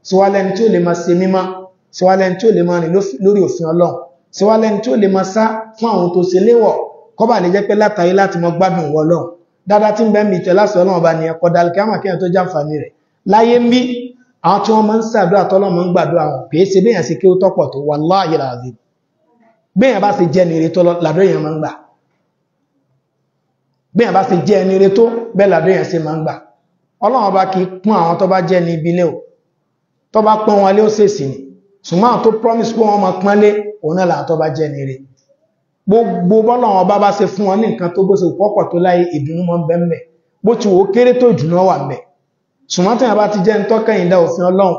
síwálẹ́ni tí ó lè máa ṣe mímá síwálẹ́ni tí ó lè máa rìn lórí òfin ọlọ́run síwálẹ́ni tí ó lè máa sá fún àwọn tó ṣe léwọ̀ kọ́bà lè jẹ́ pé látàrí láti mọ gbádùn ìwọ ọlọ́run dáadáa tí ń bẹ́ẹ̀ mìtẹ́ láti ọlọ́run bá ní ẹ̀kọ́ dalkẹ́ àmàkẹ́yàn tó jàǹfààní rẹ̀ láyé ń bí àwọn tí wọ́n máa ń sàdúrà tọ́lọ́ máa ń gbàdúrà wọn kìí ṣe bẹ́yàn sí kí ó tọ́pọ̀ tó wallahi alazim bẹ́yàn bá ṣe jẹ́ nire tó làdọ́yàn máa ń gbà bẹ́yàn bá ṣe jẹ́ nire tó bẹ́ẹ̀ làdọ́yàn sí máa ń gbà ọlọ́run bá kì í pọ́n àwọn tó bá jẹ́ ní ibi lé o tó bá pọ́n wọn lé ó ṣèṣì ni ṣùgbọ́n àwọn tó promise pé wọ́n máa pọ́n lé òun náà làwọn tó bá jẹ́ nire gbogbo bọ́lọ́run bá bá ṣe fún wọn ní nǹkan tó bó ṣe pọ́pọ̀ tó láyé ìdùnnú mọ́ bẹ́ẹ̀ bó ti wò ó kéré tó ìdùnnú wà bẹ́ẹ̀ ṣùgbọ́n tí wọ́n bá ti jẹ́ ń tọ́kàn ìdá òfin ọlọ́run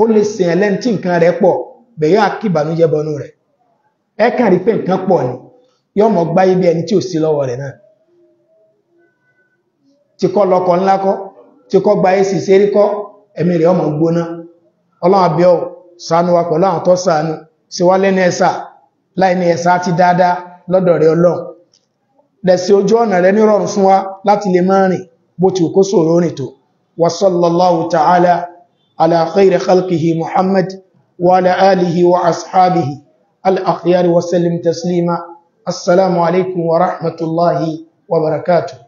ó lè sìn ẹlẹ́ni tí nǹkan rẹ̀ pọ̀ bẹ̀yọ́ àkíbànújẹ́ bọnú rẹ̀ ẹ kàn rí pé nǹkan pọ̀ ni yóò mọ̀ gbáyé bí ẹni tí ò sí lọ́wọ́ rẹ̀ náà tí kọ́ lọ́kọ̀ ńlá kọ́ tí kọ́ gbáyé sì ṣe rí kọ́ ẹ̀mí rẹ̀ ọmọ gbóná ọlọ́run abẹ́ ò ṣàánú wa pẹ̀lú àwọn tó ṣàánú sí wá lẹ́ni ẹ̀sà láìní ẹ̀sà ti dáadáa lọ́dọ̀ rẹ̀ ọlọ́run lẹ̀sí ojú ọ̀nà rẹ̀ nírọ̀rùn fún wa láti lè máa rìn bó ti kó sòrò rìn tó وصلى الله تعالى على خير خلقه محمد وعلى آله وأصحابه الأخيار وسلم تسليما السلام عليكم ورحمة الله وبركاته